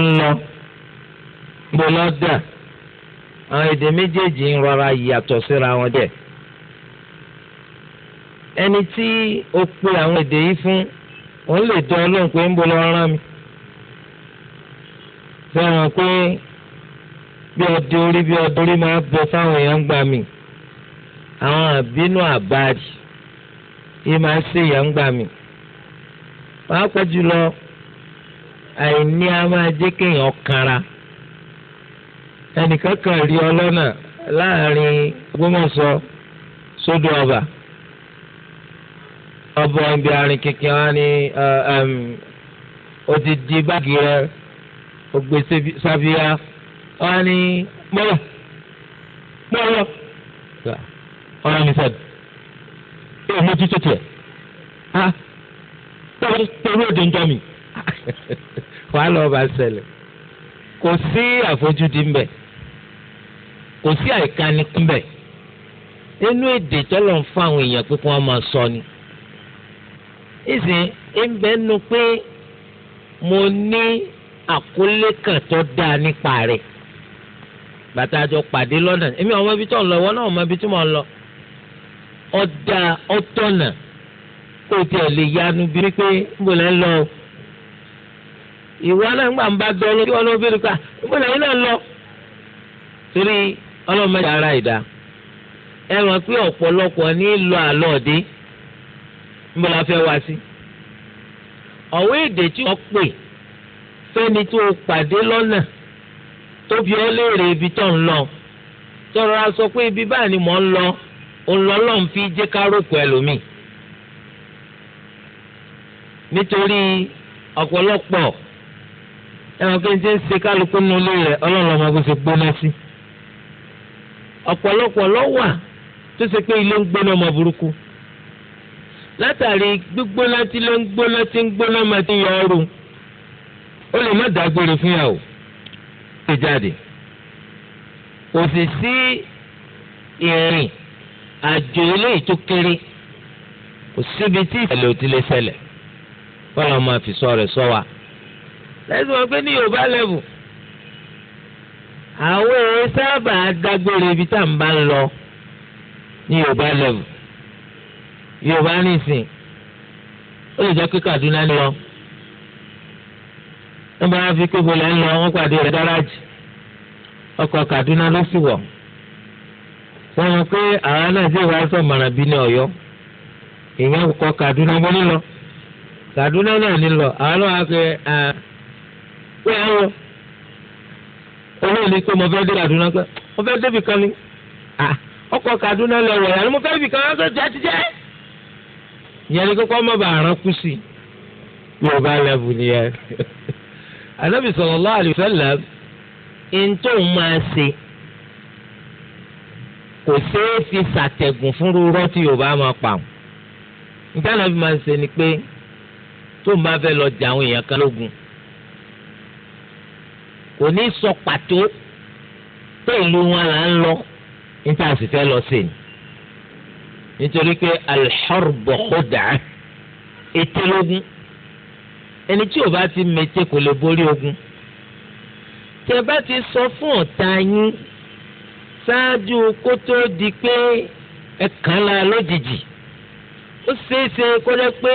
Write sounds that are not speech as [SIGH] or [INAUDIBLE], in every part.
ń lọ gbọ́ lọ́dà àwọn èdè méjèèjì ń rọra yàtọ̀ síra wọn dẹ̀ ẹni tí o pe àwọn èdè yìí fún òun lè tọ́ ọlọ́run pé ń bọ́ lọ́ rán mi fẹ́ràn pé bí ọdún orí bí ọdún orí máa bọ fáwọn èèyàn gbà mí àwọn àbínú àbáàdì yìí máa ń ṣèyàn gbà mí pàápàá jùlọ. àìní a máa jẹ́ kéèyàn kanra ẹnìkan kan rí ọ lọ́nà láàrin Ògbómọ̀ṣọ́ sódò ọba ọbọ ibi àárín kékeré wa ni ó ti di báàgì rẹ ògbé sábíà wa ni mọ́lọ̀ mọ́lọ̀ ọ̀rọ̀ mi ẹ̀ tiẹ̀ ń jọ mi. [LAUGHS] wàá lọ bá ṣẹlẹ̀ kò sí àfojúdi ńbẹ kò sí àìkani ńbẹ inú èdè tọ́lọ̀ ń fún àwọn èèyàn pé kí wọ́n máa sọ ni ìsìn ńbẹ nu pé mo ní àkólé kan tó dáa nípa rẹ̀ bàtà àjọ pàdé lọ́nà èmi ọmọ ibi tó ń lọ ìwọ náà ọmọ ibi tí mo ń lọ ọ̀dà ọ̀tọ̀nà kó tiẹ̀ lè yanu bí wípé ń lẹ́ ń lọ o ìwọ náà ńgbà ń bá dọ́ lórí ọlọ́bìnrin ká níbo làwọn náà lọ. torí ọlọ́mọdé ara ìdá ẹ mọ̀ pé ọ̀pọ̀lọpọ̀ ní lọ àlọ́ ọ̀dẹ́ níbo la fẹ́ wá sí. èdè tí wọ́n pè fẹ́ni tó pàdé lọ́nà tó léèrè ibi tó ń a sọ pé ibi báà ni mò ń lọ fi jẹ́ ká nítorí ọ̀pọ̀lọpọ̀ ẹ̀wọ̀n kí n ṣe ń ṣe kálukú nínú ilé rẹ̀ ọlọ́run ọmọ kò ṣe gbóná sí. ọ̀pọ̀lọpọ̀ ló wà tó ṣe pé ilé ń gbóná ọmọ burúkú. látàrí gbígbóná tí ló ń gbóná tí ń gbóná máa ti yọ ọrùn ó lè má dágbére fún yà ó ṣe jáde. kò sì sí ìrìn àjò eléyìí tó kéré kò síbi tí ìṣẹ̀lẹ̀ ò ti lè ṣẹlẹ̀. wọ́n lọ́ máa fi sọ rẹ̀ sọ wa. So lẹ́sìn wọn pé ní yorùbá lẹ́bù àwọn èèyàn sábà dágbére ibi tá à ń bá ń lọ ní yorùbá lẹ́bù yorùbá nìsín ó lè jẹ́ pé Kaduna ni lọ wọ́n bá fi kébò lẹ́ ń lọ wọ́n pàdé rẹ̀ gáràjì ọkọ̀ Kaduna ló sì wọ̀ wọ́n mọ̀ pé àwọn náà sì wá sọ mọ̀ràn bí ní Ọ̀yọ́ èèyàn kọ Kaduna mọ́ nílọ Kaduna náà nílọ àwọn náà wá pé pé ẹ̀rọ olóyè ni pé mo fẹ́ dé Kaduna pé mo fẹ́ débi kan ni ah, ọkọ̀ Kaduna lọ wọ̀ yàrá mo fẹ́ débi kan wọ́n sọ jẹ́jẹ́ ìyẹn ni kókó ọmọ bàa rán kú sí Yorùbá lẹ́bù nìyẹn [LAUGHS] Ànábì sallallahu alaihi wasallam ntó ń máa ṣe kò ṣeé fi ṣàtẹ̀gùn fún rúrọ́ tí Yorùbá máa pa ọ́n nígbà máa ṣe ni pé tó ń fẹ́ lọ jà àwọn èèyàn kan lógun kò ní sọ pàtó pé ìlú wọn là ń lọ níta sì fẹ́ lọ sí ni nítorí pé al-harbu khud'ah ètè lógún ẹni tí ò bá ti mètè kò lè borí ogun tẹ bá ti sọ fún ọ̀tá yín ṣáájú kó tó di pé ẹ kàn la lójijì ó ṣeé kó jẹ́ pé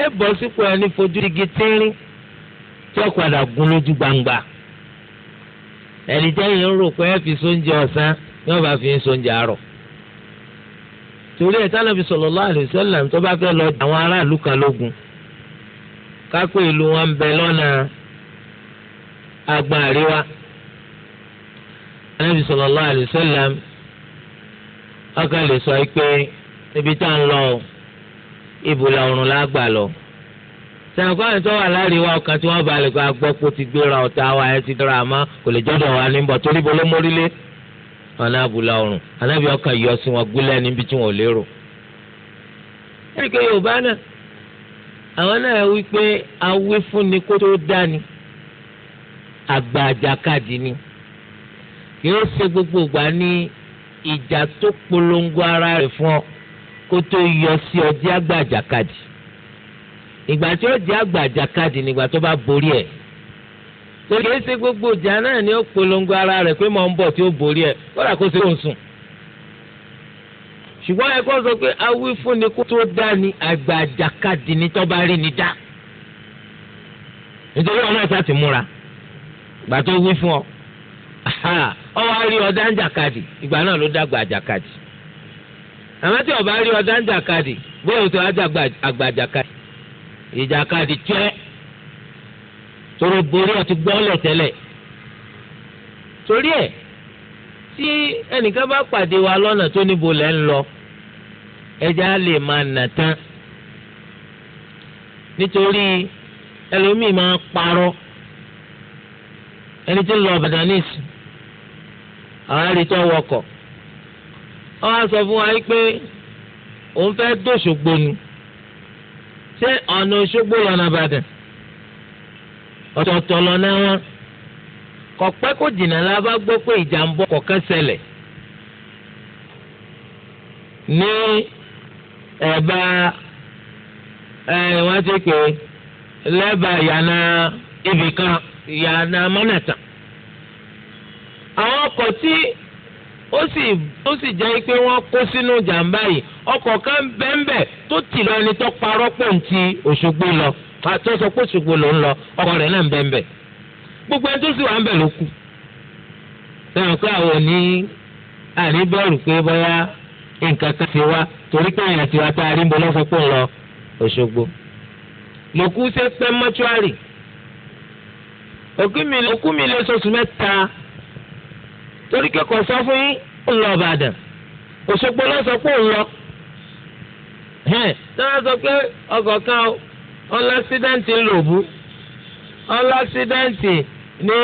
ẹ bọ́ sípò ẹni fojú igi tínrín. tí ó padà lójú gbangba ẹni tẹ́yìn ń rò pé ẹ fi sóúnjẹ ọ̀sán ni wọ́n bá fi ń sóúnjẹ àárọ̀ torí ẹ̀ tó bá fẹ́ lọ àwọn aráàlú kan lógun kápẹ́ ìlú wọn ń bẹ lọ́nà agbọn àríwá tálọ́bì sallallahu alaihi wasallam ọkàn lè sọ pé ibi tá à ń lọ lọ. sẹ̀ǹkọ́ àwọn tó wà láàrin wa ọkàn tí wọ́n balẹ̀ kó agbọ́ pé ó ti gbéra ọ̀tá wa ẹ̀ ti dára àmọ́ kò lè jọ́dọ̀ wa níbọ̀ torí bọ́ ló mórílé ọ̀nà àbúlà ọ̀run anábì ọkàn yọ sí wọn gúnlẹ̀ níbi tí wọn ò lérò. ẹnìkan yorùbá náà àwọn náà wí pé awé fún ni kó tó dá ni àgbà àjàkadì ni kì í ṣe gbogbo ìgbà ní ìjà tó polongo ara rẹ̀ fún ọ kó tó yọ sí ọjọ́ àgbà àjàkadì ìgbà tí ó jẹ́ àgbà nígbà tó bá borí ẹ̀ torí kìí ṣe gbogbo ìjà náà ni ó polongo ara rẹ̀ pé mo ń bọ̀ tí ó borí ẹ̀ kódà kó ṣe kó sùn ṣùgbọ́n ẹ kọ́ sọ pé awífúnni kó tó dá ni àgbà àjàkadì ni tó bá rí ni dá nítorí ọ̀nà ìta ti múra ìgbà tó wí fún ọ ọ wá rí ọdá ń jàkadì ìgbà náà ló dàgbà àjàkadì àmọ́ tí ọba rí ọdá ń jàkadì bóyá o tó wá ìjàkadì tíẹ́ torí borí àti gbọ́lẹ̀ tẹ́lẹ̀ torí ẹ̀ tí ẹnìkan bá pàdé wa lọ́nà tó níbo lẹ́ ń lọ ẹja lè máa nà tán nítorí ẹlòmíì máa parọ́ ẹni tí ń lọ ọ̀bàdàn nísìn àwọn arìtọ́ wọkọ̀ ọ wá sọ fún wa yìí pé òun fẹ́ dòṣogbo ni. ṣé ọ̀nà Òṣogbo lọ́nà Ìbàdàn ọ̀tọ̀ọ̀tọ̀ lọ́nà wọn kọ̀pẹ́ kò jìnnà la bá gbọ́ pé ní ẹ̀bá ẹ̀ ti pè lẹ́bàá ibìkan ó sì ó sì jẹ́ pé wọ́n kó sínú jàǹbá yìí ọkọ̀ kan bẹ́ńbẹ́ tó tì lọ ẹni tó parọ́ pọ̀ ní ti Òṣogbo lọ àti sọ pé Òṣogbo ló ń lọ ọkọ̀ rẹ̀ náà bẹ́ńbẹ́ gbogbo ẹni tó sì wà ń bẹ̀ ló kù lẹ́yìn pé àwọn òní àní bẹ̀rù pé bóyá nǹkan kan ti wá torí pé àyàn ti wá tá a rí ń bọ́ lọ́sọ̀ pọ̀ lọ Òṣogbo lòkú ṣe pẹ́ òkú mi lè sọ̀sù mẹ́ta torí kẹ́kọ̀ọ́ sọ fún yín ó lọ Ìbàdàn Òṣogbo lọ sọ pé òun lọ sọ pé ọkọ̀ kan ọlọ́sídẹ́ǹtì ń lò bú ọlọ́sídẹ́ǹtì ní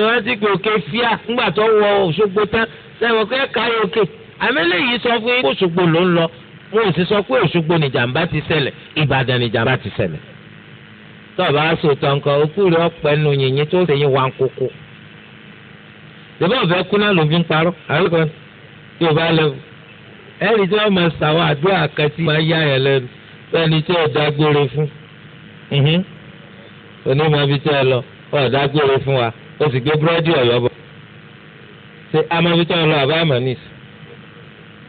ìrántí òkè fíà ńgbà tó wọ Òṣogbo tán sẹ́wọ̀n kẹ́ káyọ̀ òkè àmì lèyí sọ fún yín Òṣogbo ló ń lọ wọn ò sì sọ pé Òṣogbo nìjàmbá ti Ìbàdàn nìjàmbá ti nǹkan ṣèbá ọ̀fẹ́ kú náà ló fi ń parọ́ àríkọ́ yóò bá lẹ́wọ̀ ẹ̀rí tí wọ́n máa ṣàwọn àdúrà àkàtì máa yá yẹn lẹ́nu fẹ́ni tí ò dágbére fún onímọ̀ tí ẹ lọ ọ̀ dágbére fún wa ó sì gbé búrẹ́dì ọ̀yọ́ bọ̀ ṣe amọ̀bi tí wọ́n lọ àbá àmọ̀ nìyí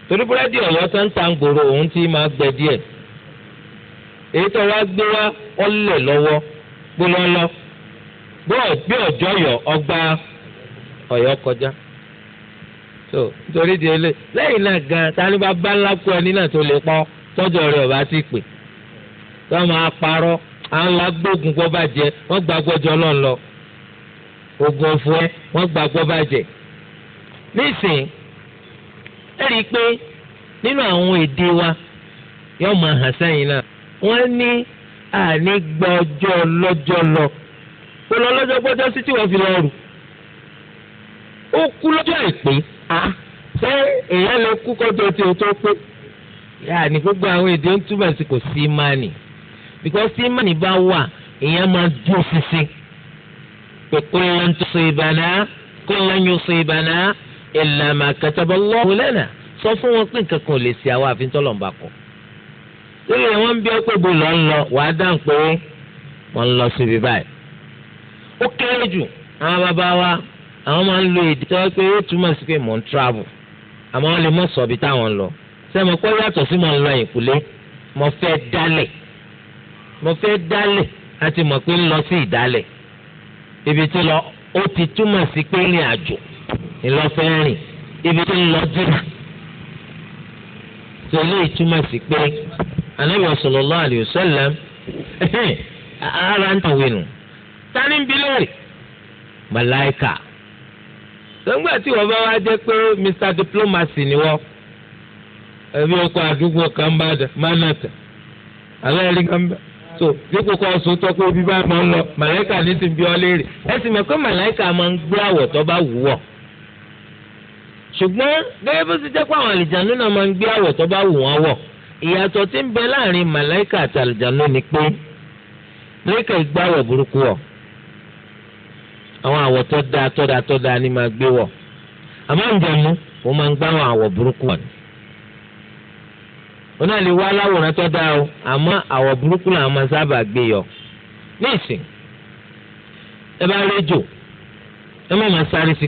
torí búrẹ́dì ọ̀yọ́ tó ń ta ń gbòòrò òun ti máa gbẹ díẹ̀ èyí tó wá gbé wá ọ̀lẹ̀ lọ́wọ́ gbólọ́lọ́ bí ọ̀jọ́ yọ ọgbà Ọ̀yọ́ kọjá so nítorí di ẹlẹ lẹ́yìn náà gan tani bá bá ńlá kú ẹni náà tó lè pọn tọjọ rẹ ọba sì pè tó máa parọ́ àwọn lágbóògùn gbọ́ bàjẹ́ wọ́n gba gbọ́jọ lọ́n lọ oògùn ọ̀fọ̀ ẹ wọ́n gba gbọ́ bàjẹ́ nísìnyí ẹ rí i pé nínú àwọn èdè wa yóò máa hàn sẹ́yìn náà wọ́n ní àní gbọ́jọ lọ́jọ́ lọ kó lọ lọ́jọ́ gbọ́jọ́ sí tí wọ́n fi lọ rù ó kú lọ́jọ́ àìpé a ṣé èèyàn lè kú kọjọ tí o tó pé yà ní gbogbo àwọn èdè ń túbọ̀ sí kò sí ìmánì because tí ìmánì bá wà èèyàn máa dúró ṣinṣin pé kó lọ́n tó so ìbànà kó lọ́n yóò so ìbànà ìlànà kẹtàbọ̀ lọ́wọ́ lẹ́nà sọ fún wọn pé nǹkan kan ò lè ṣe àwọn àfi tọ́lọ̀mbà kọ. lórí wọn ń bí ọ pé bó lọ ń lọ wàá pé wọn ń lọ síbi báyìí. ó kéré jù àwọn bàbá wa àwọn máa ń lo èdè tó pé ó túmọ̀ sí pé mò ń travel àmọ́ wọn lè mọ̀ sọ ibi táwọn lọ sẹ́mi kọ́ yàtọ̀ sí mò ń lọ ìkúlé mo fẹ́ dálẹ̀ mo fẹ́ dálẹ̀ láti mọ̀ pé ń lọ sí ìdálẹ̀ ibi tó lọ ó ti túmọ̀ sí pé rìn àjò ńlọfẹ́ rìn ibi tó ń lọ dínà tó lè túmọ̀ sí pé anabi sallallahu alayhi wa ara ń tàwé nù tani ń bi lóore màláìka sọgbà tí ọba bá wá jẹ́ pé mr diplomacy ni wọ́n ẹbí ọkọ àdúgbò kan bá dà mánàtà aláìrí kan bá so dípò pé máa ń lọ ní ti bí ọ léèrè ẹ sì pé máa ń gbé tó bá wù bó ti pé àwọn náà máa ń gbé tó bá wù ìyàtọ̀ tí ń àwọn àwọ̀ tó dáa tó dáa tó dáa ni máa gbé wọ̀ àmọ́ ǹjẹ̀mú máa ń gbá àwọn àwọ̀ burúkú wọ̀ wọn náà lè wá láwòrán tó o àmọ́ àwọ̀ burúkú làwọn máa sábà gbé yọ. ní ìsìn ẹ bá rédíò ẹ má máa sáré sí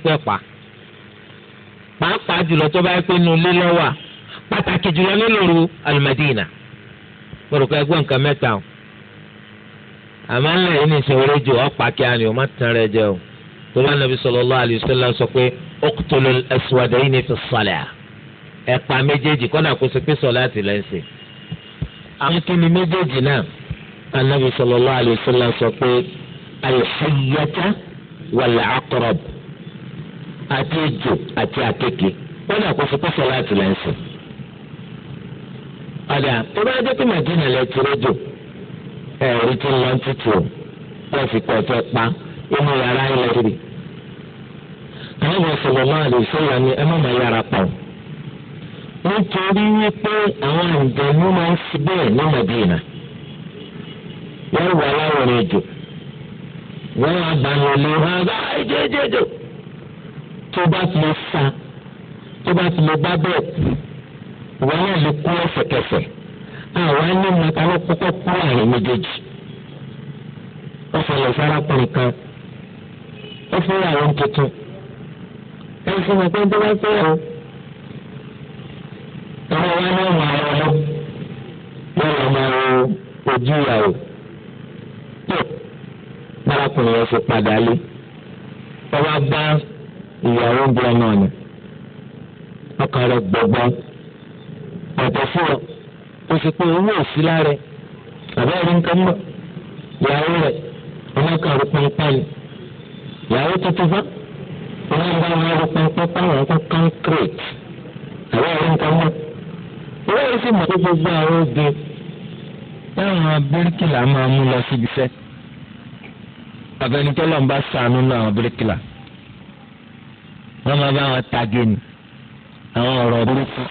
pàápàá jùlọ tó bá yẹ pé inú ilé lọ́wọ́ pàtàkì jùlọ nílòrú gbọdọ̀ ká ẹgbọ́n nǹkan mẹ́ta o àmọ́ ńlẹ̀ yìí ní ọ̀pá kíá torí anabi sallallahu alayhi wa sallam sọ pé uqtulul aswadayni fi salah ẹ̀pà méjèèjì kọ́nà kó sọ pé sọ̀láàtì lẹ́sìn. àwọn kìnnì méjèèjì náà anabi sallallahu alayhi wa sallam sọ pé al-hayyata wal-aqrab àti ejò àti àkekèé kọ́nà kó sọ pé sọ̀láàtì lẹ́sìn. ọ̀dà tó bá dé pé màdínà lẹ́ ti rẹ́jò ẹ̀rí tí ń lọ títì ó wọ́n fi pọ̀ fẹ́ pa inú yàrá ilẹ̀ rẹ̀ àwọn sallallahu alaihi wasallam ni ẹ má máa yára pa ọ́. nítorí wípé àwọn àǹdẹ̀mú máa ń fi bẹ́ẹ̀ ní Mẹ̀dínà wọ́n wà láwọ̀rọ̀ èjò wọ́n abàyàn lè ha bá ẹjẹjẹjọ tó bá ti lè fa tó bá ti lè bá bẹ́ẹ̀ kú wọ́n náà lè kú ẹsẹ̀kẹsẹ̀ àwọn ẹni mọ̀ta ló kọ́kọ́ kú àrùn méjèèjì wọ́n fọlọ́ sára pọ̀ nǹkan wọ́n fún àwọn tuntun wọ́n fún wọn pé ń tọ́wọ́ sí ẹ̀rọ. àwọn ọmọ náà máa rọ lọ wọ́n lọ máa rọ ojú ìyàwó. tó bárakùnrin yẹn fi padà lé wọ́n bá bá ìyàwó ń bọ̀ náà ni ọkàn rẹ̀ gbọ̀gbọ́ ọ̀tọ̀ fún ọ ó fi pé owó òsì lára àbẹ́ rí nǹkan mọ̀ ìyàwó rẹ̀ ọmọ kan rẹ̀ pọnpọ́n ni ìyàwó tuntun fún ọ wọ́n bá wọn rú pẹpẹ táwọn kó kọ́ńkírètì àwọn ẹ̀rí nǹkan mọ́. ìwé yìí sì mọ̀ pé gbogbo àwọn oge táwọn bíríkìlà máa mú lọ síbi iṣẹ́. àfẹnitọ́lọ́ ń bá sànú náà àwọn bíríkìlà. wọ́n máa bá wọn tagé ni àwọn ọ̀rọ̀ burúkú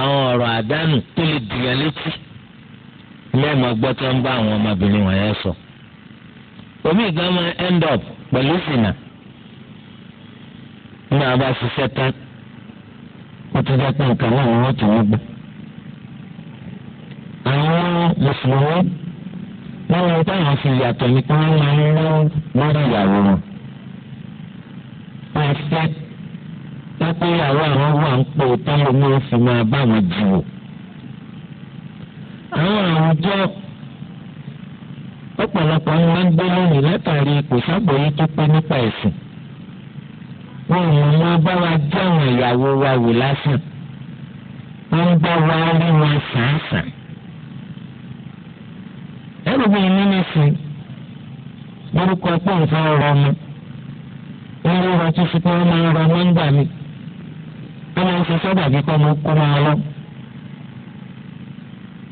àwọn ọ̀rọ̀ àdánù tó lè dìyà létí lẹ́ẹ̀mọ́ gbọ́ ń bá àwọn ọmọbìnrin wọ̀nyẹn sọ. omi ìgbà máa end up pẹ̀lú ìsìnà ní abá ṣiṣẹ́ tán wọ́n ti jẹ́ pé nǹkan náà ni wọ́n tún mú gbọ́. àwọn mùsùlùmí wọ́n lọ táwọn fi yàtọ̀ ní pé wọ́n máa ń lọ lórí ìyàwó wọn. wọ́n fẹ́ lápẹ́ ìyàwó àwọn wà ń pò táwọn ní oṣù máa bá wọn jù wò. àwọn àwùjọ ọ̀pọ̀lọpọ̀ ń máa ń gbé lónìí látàrí kò sábòye tó pé nípa ẹ̀sìn wọn ò ní bá wa jẹ́ àwọn ìyàwó wa wò lásán wọn ń bá wa rí wọn sàǹsàn. ẹrù bíi nínú ìsìn orúkọ pé nǹkan ọ̀rọ̀ mu wọn ló rọ tó fi pé wọn máa ń rọ nọ́ńbà mi wọn máa ń fi sọ́dà bí kọ́ mọ́ kó máa lọ.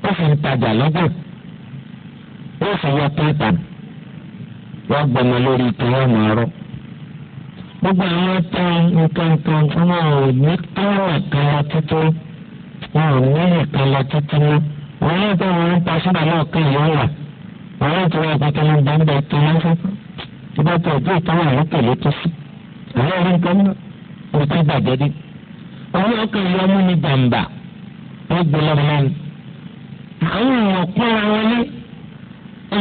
ó fi ń tajà lọ́gbọ̀n ó fi yọ pé wọ́n gbọmọ lórí ìtàn wọn máa gbogbo àwọn ta nǹkan kan wọn ò ní tọ́wọ̀ kan lọ títí wọn ò ní ìkan lọ títí ní wọn yóò tó wọn ń pa síbà náà kan yìí wà wọn yóò tó wọn pàtó ní gbàgbà tó wọn fún ìgbà tó ìdí ìtọ́wọ̀ yìí tẹ̀lé tó sí àwọn orí nǹkan náà wọn ti bàjẹ́ dé owó ọkàn yìí mú ní bàǹbà wọn gbé lọ mọ́ ni àwọn èèyàn pọ́n ara wọn ní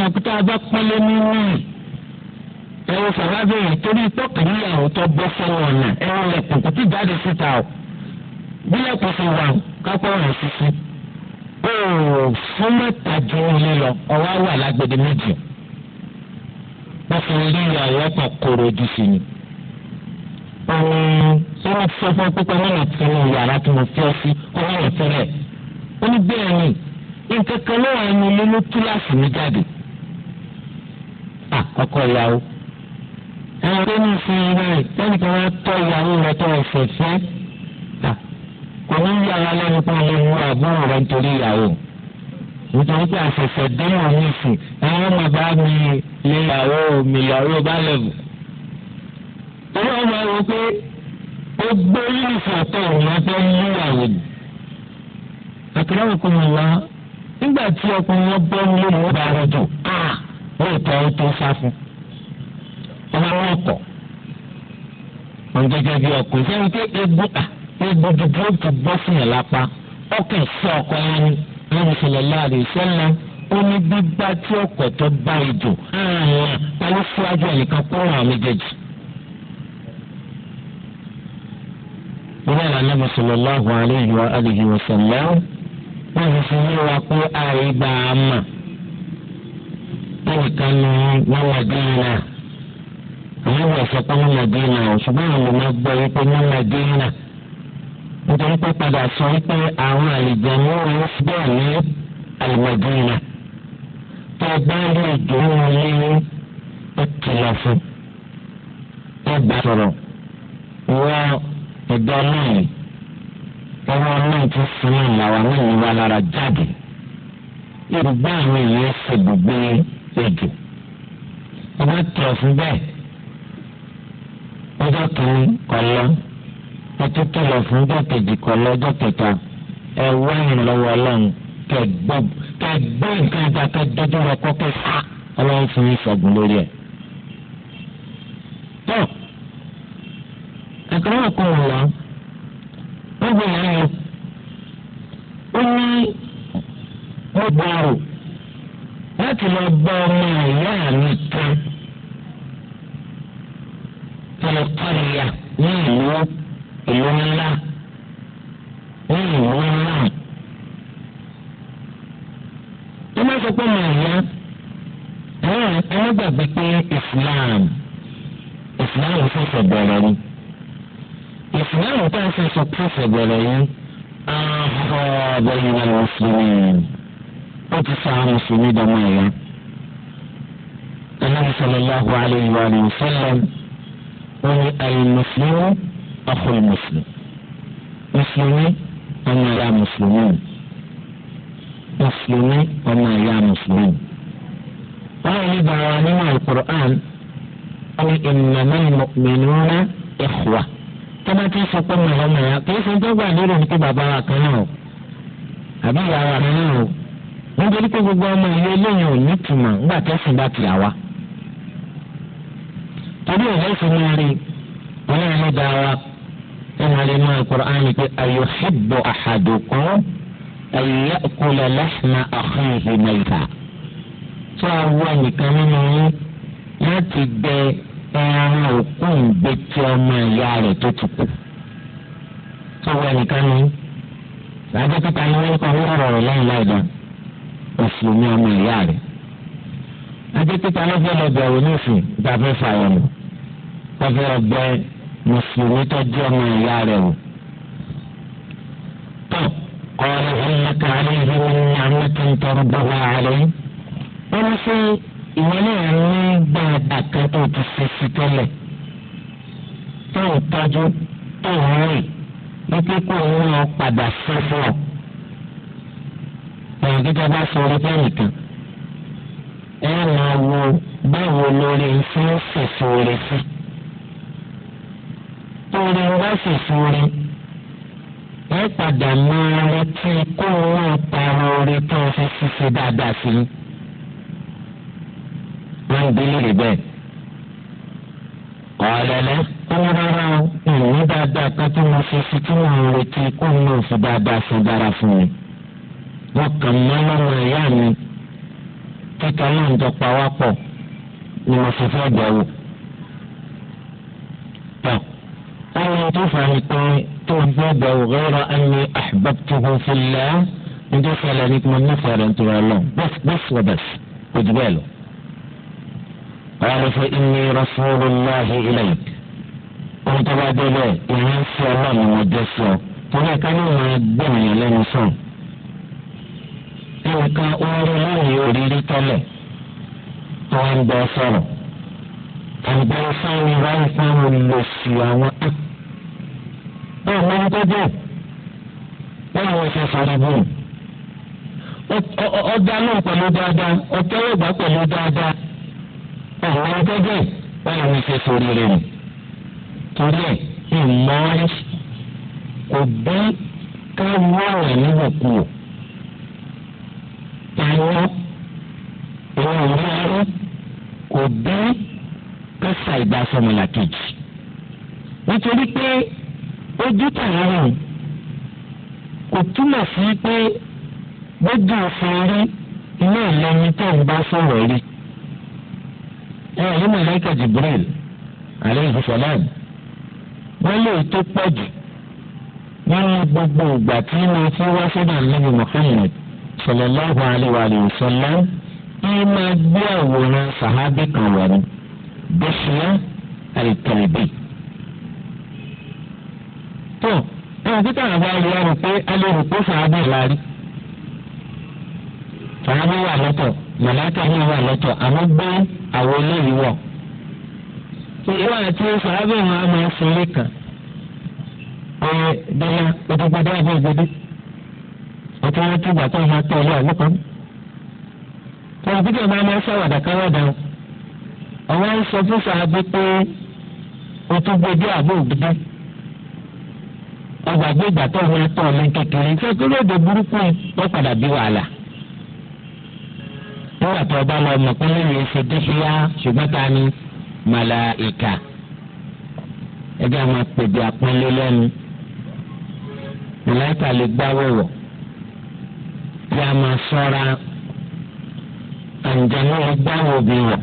ọ̀pọ̀tà abá pọ́n ní wọ́n yìí ẹ̀rọ sàbábẹ̀rẹ̀ torí tọkànlá ọ̀tọ̀ bọ́ fọwọ́ ọ̀nà ẹ̀rọ lẹ̀kùn kò tí jáde síta o bí lẹ̀kùn fi wà kápẹ́ ọ̀rọ̀ sísí ó fún mẹ́ta ju ilé lọ ọwọ́ wà lágbèdè méjì wọ́n fi rí ìyàwó ọkọ̀ kóró ojú sí ni. ṣé wọ́n ti sọ fún pípẹ́ mọ́nà tí mo yàrá tí mo fi ọ́ sí ọwọ́ rẹ̀ tẹ́lẹ̀ ó ní bẹ́ẹ̀ ni nǹkan kan ló wà nínú ilé ló mi jáde. àkọ́kọ́ ìyàwó ẹ̀rọ tó ní fún yín báyìí lẹ́yìn tó wọ́n tọ́ ìyàwó rẹ̀ tó ọ̀fẹ́ fẹ́ kò ní yí ara lẹ́nu pé ọlẹ́ mú àbúrò rẹ̀ nítorí ìyàwó nítorí pé àfẹ̀fẹ̀ dẹ́rọ̀ ní ìsìn ẹ̀rọ ọmọ bá mi lé ìyàwó mi ìyàwó bá lẹ̀bù. ìwé ọmọ ẹ wọ pé ó gbé yúnífọ̀ tó ìwọ́n tó ń yí ìyàwó ni. àkàrà ọkùnrin wa nígbà tí ọkùnrin wọn bọ́ ń ìwọ́n bá rẹ̀ jù ọmọ wọn kọ wọn gẹ́gẹ́ bí ọkọ sẹ́yìn pé egbò egbò dúdú tó bọ́ fún yẹn lápá ọkàn sí ọkọ yẹn ni lórí sallallahu alaihi wasallam ó ní bíbá tí ọkọ tó bá ìdò ààrùn pẹ̀lú fúlájú ẹnìkan kúrò àwọn méjèèjì. ìwé ìlànà sallallahu alaihi wa alihi wasallam wọ́n fi fún yín wá pé àìgbà àmà ẹnìkan ní wọ́n wà dé àwọn ọmọ ẹ̀sọ́ pé ní Madina o ṣùgbọ́n àwọn ọmọ gbọ́ wípé ní Madina nítorí pé padà sọ wípé àwọn àlejò ní bẹ́ẹ̀ ní tó bá wọn fún sọ̀rọ̀ wọ́n náà náà ti làwọn náà ní ọjọ́ kìíní kọlọ ẹtú kìlọ̀ fún ọjọ́ kejì kọlọ ọjọ́ kẹta ẹ wá ìrànlọ́wọ́ Ọlọ́run kẹgbọ kẹgbọ nǹkan ìgbà kẹjọjọ rẹ kọ kẹfà Ọlọ́run fún yín sọgùn lórí ẹ. tó ẹ̀kọ́ náà kọ̀ wọ́n lọ wọ́n gbé yàrá yẹn ó ní wọ́n gbọ́ àrò láti lọ gbọ́ ọmọ ìyá mi. pẹ́sẹ̀ bẹ̀rẹ̀ ni ìsìláàmù tá a fẹsẹ̀ pẹ́sẹ̀ bẹ̀rẹ̀ yìí ahọ́ abẹ́yẹ náà mùsùlùmí ó ti sọ àwọn mùsùlùmí dọ́mọ ẹ̀yà anabi sallallahu alayhi wa sallam ó ní alimuslimu akhul muslim mùsùlùmí ọmọ ẹ̀yà mùsùlùmí mùsùlùmí ọmọ ẹ̀yà mùsùlùmí. báwo ni bàrà nínú alukur'an pé innamal mu'minuna ikhwa tọ́ba ti sọ pé mọ̀ ọmọ ya kì í ṣe tó gbà lérò ní pé bàbá wa kan náà o àbí ìyá wa kan náà o nítorí pé gbogbo ọmọ ìlú eléyìí ò ní tùmọ̀ ńgbà tẹ́sán bá ti àwa. torí òun fi máa rí ọlọ́run ló dá wa nínú alẹ́ náà Qur'an pé ayuhibbu ahadukum an ya'kula lahma akhihi mayta. tí a wọ nìkan nínú yín láti gbẹ ẹran òkú ìgbé tí ọmọ ìyá rẹ̀ tó ti kú tó wọ ẹnìkan ní lájọ́ pípa ní wọ́n kọ́ wọ́n rọrọ̀ lẹ́yìn láìda òfin ní ọmọ ìyá rẹ̀ lájọ́ pípa ní fẹ́ lọ bẹ̀rù nífìn ìdáfẹ́ fàyẹ̀mù tọ́fẹ́ ọgbẹ́ mùsùlùmí tọ́jú ọmọ ìyá rẹ̀ wò tó kọ́ ọ́ lẹ́yìn lẹ́ka àlẹ́ ìhìn ní àmì tó ń tọrọ bọ́ wá yìí wọ́n ní sẹ́yìn ìwọ náà ní gbàgbà kan tó ti ṣe sí tẹ́lẹ̀ tó ń tọ́jú tó ń rìn wípé kó ń lọ padà fún fún ọ. Ẹ̀yìn gíga bá sọ orí bẹ́ẹ̀ kan. Ẹ máa wo báwo lórí ṣe ń fèsò rẹ sí. Orí ń bá fèsò rẹ. Ẹ padà máa retí kó ń pa orí tó ń fi ṣiṣẹ́ dáadáa sí i ṣe bẹ́ẹ̀. ọ̀lẹ́lẹ́ kọ́mọ rárá ìròyìn dáadáa kan tí mo fi fi tí mo ń retí kó mi ò fi dáadáa fún dára fún mi. wọ́n kàn mọ́ lọ́mọ ìyá mi kíkà náà ń jọ pa wá pọ̀ ni mo fi fẹ́ bẹ̀wò. tọ́ ọ̀run tó fà mí tó gbé bẹ̀wò rárá ẹni àbẹ̀tìhùn fìlà ń jẹ́ fẹ́lẹ̀ kí mo nífẹ̀ẹ́ rẹ̀ ń tura lọ bẹ́ẹ̀ bẹ́ẹ̀ sọ bẹ́ẹ̀ kò jù bẹ́ẹ̀ lọ. قال فإني رسول الله إليك قلت بعد ذلك ينسى الله مجسه torí ẹ̀ka ní ìmọ̀ ẹgbẹ́rún yẹn lẹ́nu sàn. nǹkan orí lónìí òrírí tẹ́lẹ̀ tó ń bẹ sọ̀rọ̀. àgbẹ̀ sáré ráńpẹ́ mo lè fi àwọn á. bẹ́ẹ̀ ló ń tọ́jú bẹ́ẹ̀ wọ́n ṣe farabọ́ọ̀. ọjà náà pẹ̀lú dáadáa ọ̀tẹ́wọ̀gbà pẹ̀lú dáadáa àwọn ọmọdé wọn làwọn ẹsẹ̀ sórí rẹ̀ nù torí ẹ̀ ìmọ̀ọ́rí kò bí káwọ́ ọ̀rọ̀ níbùkún o àwọn àwọn ọ̀rọ̀ kò bí kásá ìgbà fọmùlà kejì nítorí pé ojú tààrùn kò túmọ̀ sí pé gbogbo òfin rí ilé ìlẹ́yìn tó ń bá sọ̀rọ̀ rí ẹ ẹ yín mọ̀lẹ́kà Jibril alayhi salam wọ́n lè tó pọ̀ jù nínú gbogbo ìgbà tí mo ti wá sọ́dọ̀ Ànábì Muhammad sallallahu alayhi wa sallam yìí máa gbé àwòrán sàhábì kan wà ní bẹ́sẹ̀ àìtẹ̀lẹ́bì. tó ẹnì títà àbá rí a rò pé a rò pé sàhábì láàrí sàhábì wà lọ́tọ̀. màláìka náà wà lọ́tọ̀ àmọ́ gbé àwọn eléyìí wọ̀. ìwà àti sàábìrin wa máa ń sinmi kan pé dáná ọrụ àbí ògbódé ọtí wọn tún gbà tó máa tọ ilé àlùkò. kọ̀ǹpútà máa máa ṣàwàdà káwàdà ọ̀wọ́n ń sọ fún sàábì pé ojúgbọdé àbí ògbódé ọgbàgbé ìgbà tó kékeré nígbà tó o bá lọ mọ̀ pé lẹ́yìn ẹsẹ̀ dúkìá ṣùgbọ́n ta ni màláìkà ẹgbẹ́ àwọn apèbè àpọ́nlé lẹ́nu màláìkà lè gbá wọ̀wọ̀ bí a máa sọ́ra àǹjẹ̀nú lè gbá wọ̀bì wọ̀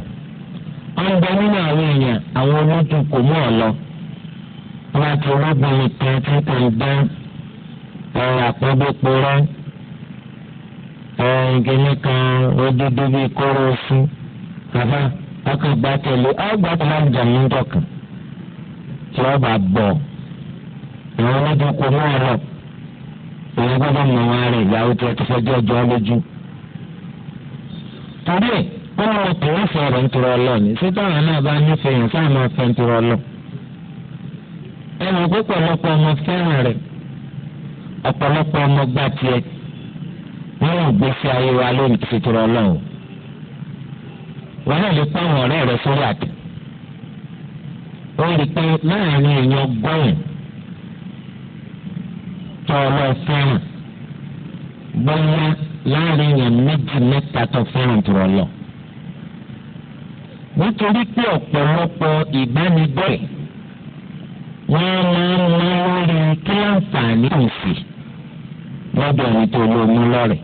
ọ̀nbẹ nínú àwọn èèyàn àwọn olójú kò mọ̀ ọ́ lọ wọ́n ti rọ́bìnrin kan tí kò ń dán ọ̀rọ̀ àpọ́nbẹ́pọ̀ rẹ́. ẹ̀ẹ́dẹ́gbẹ̀ni kan ojúdú bíi kóró fún bàbá ọkàn gba tẹ̀lé ọgbà tó máa ń jà ní dọ̀kan tí wọ́n bá bọ̀ ìwọ́n lọ́dún kò mú ọ̀rọ̀ ìwọ́n gbọ́dọ̀ mọ̀ wọn rẹ̀ ìyàwó tí wọ́n ti fẹ́ jẹ́ ọjọ́ lójú. torí ẹ̀ wọ́n lọ pè é nínú ìgbésí ayé wa lórí títíra ọlọ́run wọn náà lè pa àwọn ọ̀rẹ́ rẹ sórí àtẹ ó rí i pé láàrin èèyàn ọgọ́rùn-ún tó ọlọ́ fẹ́ràn bóyá láàrin èèyàn méjì mẹ́ta tó fẹ́ràn tó ọlọ́ nítorí pé ọ̀pọ̀lọpọ̀ ìbánidọ́rẹ̀ wọ́n máa ń lọ lórí kíláǹfà ní òsì lọ́dọ̀ ẹni tó lómi lọ́rẹ̀ẹ́.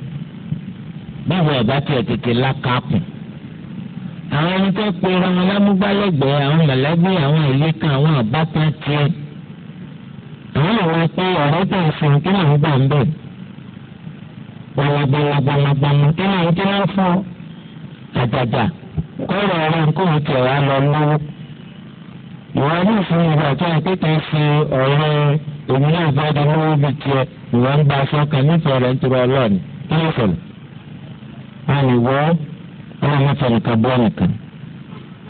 báwo ọ̀dà tiẹ̀ tètè lákàkù àwọn ẹni tó pe wọn lámúgbálẹ́gbẹ̀ẹ́ àwọn mọ̀lẹ́bí àwọn àwọn tiẹ̀ àwọn pé ọ̀rọ̀ tó ń sìn kí ló ń gbà ń bẹ̀ kí ló ń kí ló ń lọ lọ́wọ́ ìwà ní ìfún ìgbà tó ń ọ̀rọ̀ lọ́wọ́ àníwọ́ ọlọ́mọtẹ̀lẹ̀kà bọ́ nìkan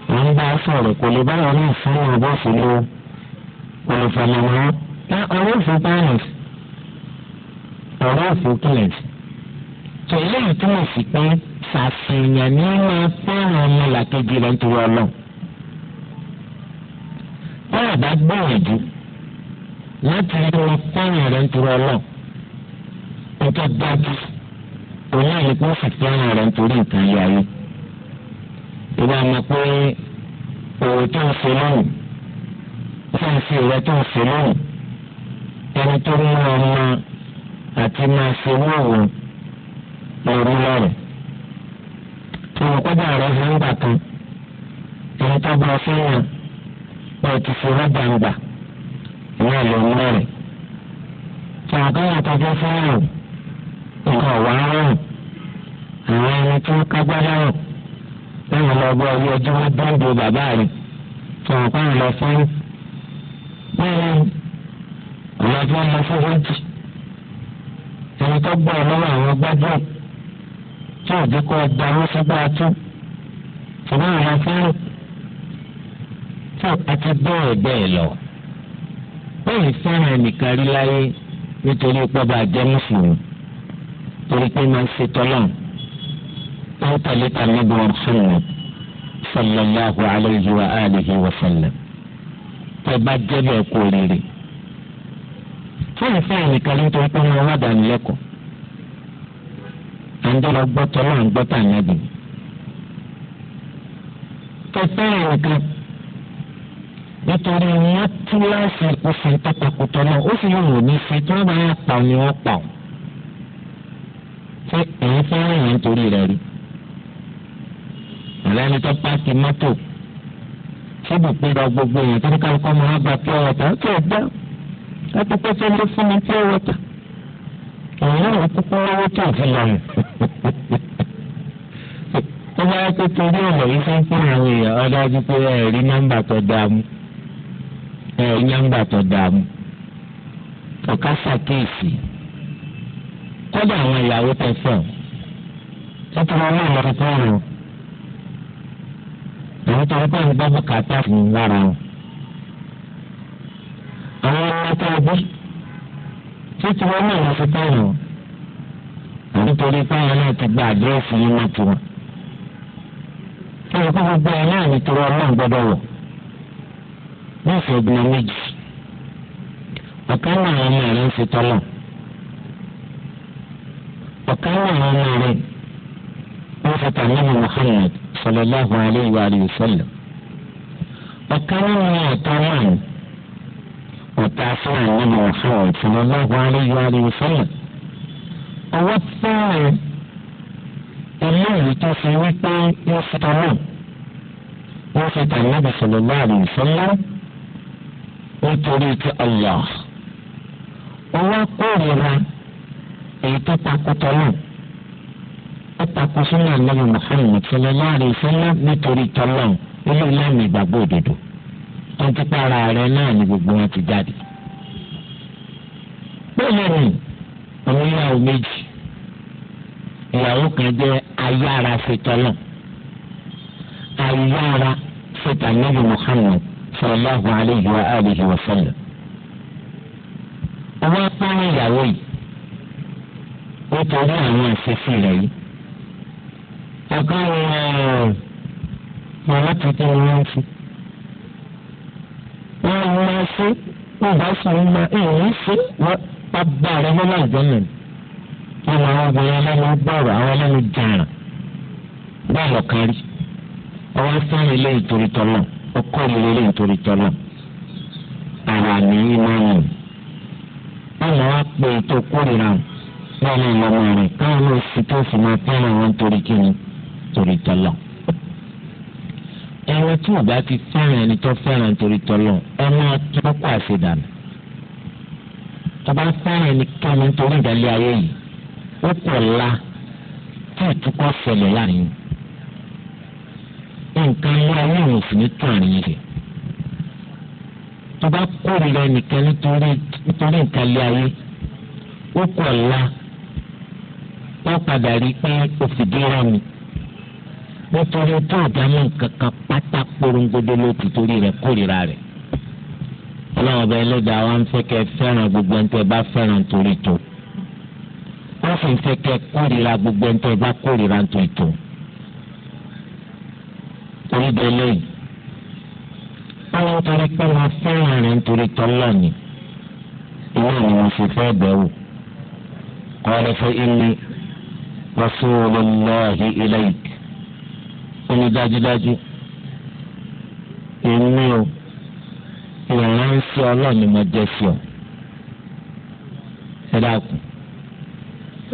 wọ́n bá sọ̀rọ̀ kò lè báyọ̀ ní ìfúnná ọgọ́fù ló kò lè fẹ́ lọ́wọ́ ọ̀rọ̀ òfin pààyàn ọ̀rọ̀ òfin pààyàn tó eléyìí túmọ̀ sí pé ṣàṣìyàn ní máa fẹ́ràn ọmọ làkejì rẹ̀ nítorí ọlọ́run báyọ̀ bá gbìyànjú láti rí ọmọ fẹ́ràn rẹ̀ nítorí ọlọ́run nítorí òun náà ní kó fìtí àwọn rẹ̀ nítorí nǹkan yà yìí. ìwà mọ̀ pé òwò tó ń ṣe lóhùn fẹ́ǹsì rẹ̀ tó ń ṣe lóhùn ẹni tó mú ọmọ àti máa ṣe wọ́ọ̀wọ́ lórí lọ́rẹ̀. ìwà kọ́jà rẹ̀ fi ń gbà kan ẹni tó bá fẹ́ràn pé ti fi rọ́bà ń gbà ìwà lọ́rẹ̀. ìwà kọ́jà tó fẹ́ fẹ́ràn. nǹkan ọ̀wá rọrùn àwọn ẹni tí wọ́n kágbá dúndú bàbá tó fún lọ fún ẹni tó àwọn tí ọgbà wọn sígbà tó ṣùgbọ́n àwọn fẹ́ràn tó àti bẹ́ẹ̀ bẹ́ẹ̀ lọ bẹ́ẹ̀ fẹ́ràn ẹnìkan rí láyé nítorí mùsùlùmí. torí pé máa ń ṣe tọ́lọ́n wọ́n tẹ̀lé tànàbí wọn fún mi sallallahu alayhi wa alihi wa sallam tẹ bá jẹ́ bẹ́ẹ̀ kú oríire. fún ìfẹ́ ìnìkan ló ń torí pé wọ́n wá dánilẹ́kọ̀ọ́ à ń dọ́rọ̀ gbọ́ tọ́lọ́n gbọ́ tànàbí. kẹfẹ́ ìnìkan nítorí wọ́n tún láti òfin tọ́takùtọ̀ náà ó sì yóò wò ní ṣe tí wọ́n bá yà pa ni wọ́n pa ọ́ ṣé ẹ̀yin fẹ́ràn yẹn nítorí rẹ̀ rí àlẹ́ni tó páàkì mọ́tò síbi ìpínlẹ̀ gbogbo èèyàn tó ní kálukú ọmọ wa gba pure water ó kẹ́ ẹ̀ gbá akpẹ́kẹ́ tó lé fún mi pure water èèyàn náà kúkú lọ́wọ́ tó fi lọ́yìn ó bá yẹ kó torí ọ̀nà yìí fún fún àwọn èèyàn ọ̀dájú pé ẹ̀ rí nọ́mbà tó dáa mú ẹ̀ rí nọ́mbà tó dáa mú ọ̀ká ṣàkíyèsí kọ́dà àwọn ìyàwó tẹ̀sán nítorí wọn náà lọ́ọ́ fún wọn èyí tó ń bá ń bá bùkátà fún lára wọn. àwọn ọmọọta ẹbí títí wọn náà lọ́ọ́ fún wọn nítorí táwọn náà ti gba àdírẹ́sì yìí náà tiwọn. ẹ̀rọ kó gbogbo ẹ̀ náà nítorí ọlọ́run gbọ́dọ̀ wọ̀ ní ìfẹ́ ìgbìmọ̀ méjì ọ̀kan náà ọmọ rẹ̀ ń fi tọ́lọ̀ ọ̀kan náà wọn ní rẹ̀ wọ́n fi tàn níbi Muhammad sallallahu alayhi wa alihi wa sallam ọ̀kan náà wọn ọ̀tá wọn ọ̀tá fún níbi Muhammad sallallahu alayhi wa alihi wa sallam ọwọ́ tẹ́lẹ̀ eléyìí tó fi wípé wọ́n fi tàn náà wọ́n fi tàn níbi sallallahu alayhi wa sallam nítorí ti Allah ọwọ́ kórìíra èyí tó takùtọ̀ náà ó takù sínú àlọ́yìn Muhammad sallallahu alaihi wasallam nítorí tọ́lọ́ ilé ìlànà ìgbàgbọ́ òdodo tó ń tipa ara rẹ náà ni gbogbo wọn ti jáde. bẹ́ẹ̀ ni àwọn ìyàwó méjì ìyàwó kan jẹ́ ayára fetọ́lọ́ ayára fetàlẹ́yìn Muhammad sallallahu alaihi wa alihi wasallam. ọwọ́ apá ìyàwó yìí nítorí àwọn àṣẹṣe rẹ̀ yìí. ọ̀kan wọn màmá tuntun ni wọ́n fi. wọ́n máa ṣe nígbà sùn máa èèyàn ṣe wọ́n bá rẹ̀ mọ́ náà jẹ́ mẹ́rin. wọ́n máa wọ́n gbé ẹlẹ́nu gbọ́rọ̀ àwọn ẹlẹ́nu jàrà. báwo kárí ọwọ́ sáré lẹ́yìn torí tọ́lọ̀ ọkọ́ mi lẹ́yìn torí tọ́lọ̀ àwa nìyí máa ń wọ́n máa wá pé ètò kórìíra wọn lọ́nà ìlànà rẹ̀ káwọn náà fi tó fi máa tẹ́lẹ̀ wọn torí kíni torí tọ́lọ̀. ẹ̀rọ tí ò bá ti fẹ́ràn ẹni tó fẹ́ràn torí tọ́lọ̀ ẹ máa tọ́kọ̀ àṣedànù. tọ́ba fẹ́ràn ẹni káwọn torí ìdálẹ́ ayé yìí ó pọ̀ la tí ìtukọ̀ ṣẹlẹ̀ láàrin. nǹkan ló ayé òun sì ní tó àárín yìí tọ́ba kórìíra ẹnìkan nítorí nǹkan lé ayé ó pọ̀ la wọ́n padà rí i pé o fìdí rẹmi nítorí tó ìdámọ̀ kankan pátá korongodo ló ti torí rẹ̀ kórìíra rẹ̀ ọlọ́run ọba ẹlẹ́dàá wa ń fẹ́ kẹ́ fẹ́ràn gbogbo ẹni tẹ́ bá fẹ́ràn nítorí tó wọ́n sì ń fẹ́ kẹ́ kórìíra gbogbo ẹni tẹ́ bá kórìíra nítorí tó torí délé yìí wọ́n ń torí pé wọ́n fẹ́ràn rẹ̀ nítorí tọ́lọ́ ni ìwé ni wọ́n fi fẹ́ kọ́ ẹ rasulillahi ilayk ó ní dájúdájú èmi o ìránṣẹ́ ọlọ́ọ̀ni mo jẹ́ sí ọ ẹ dákun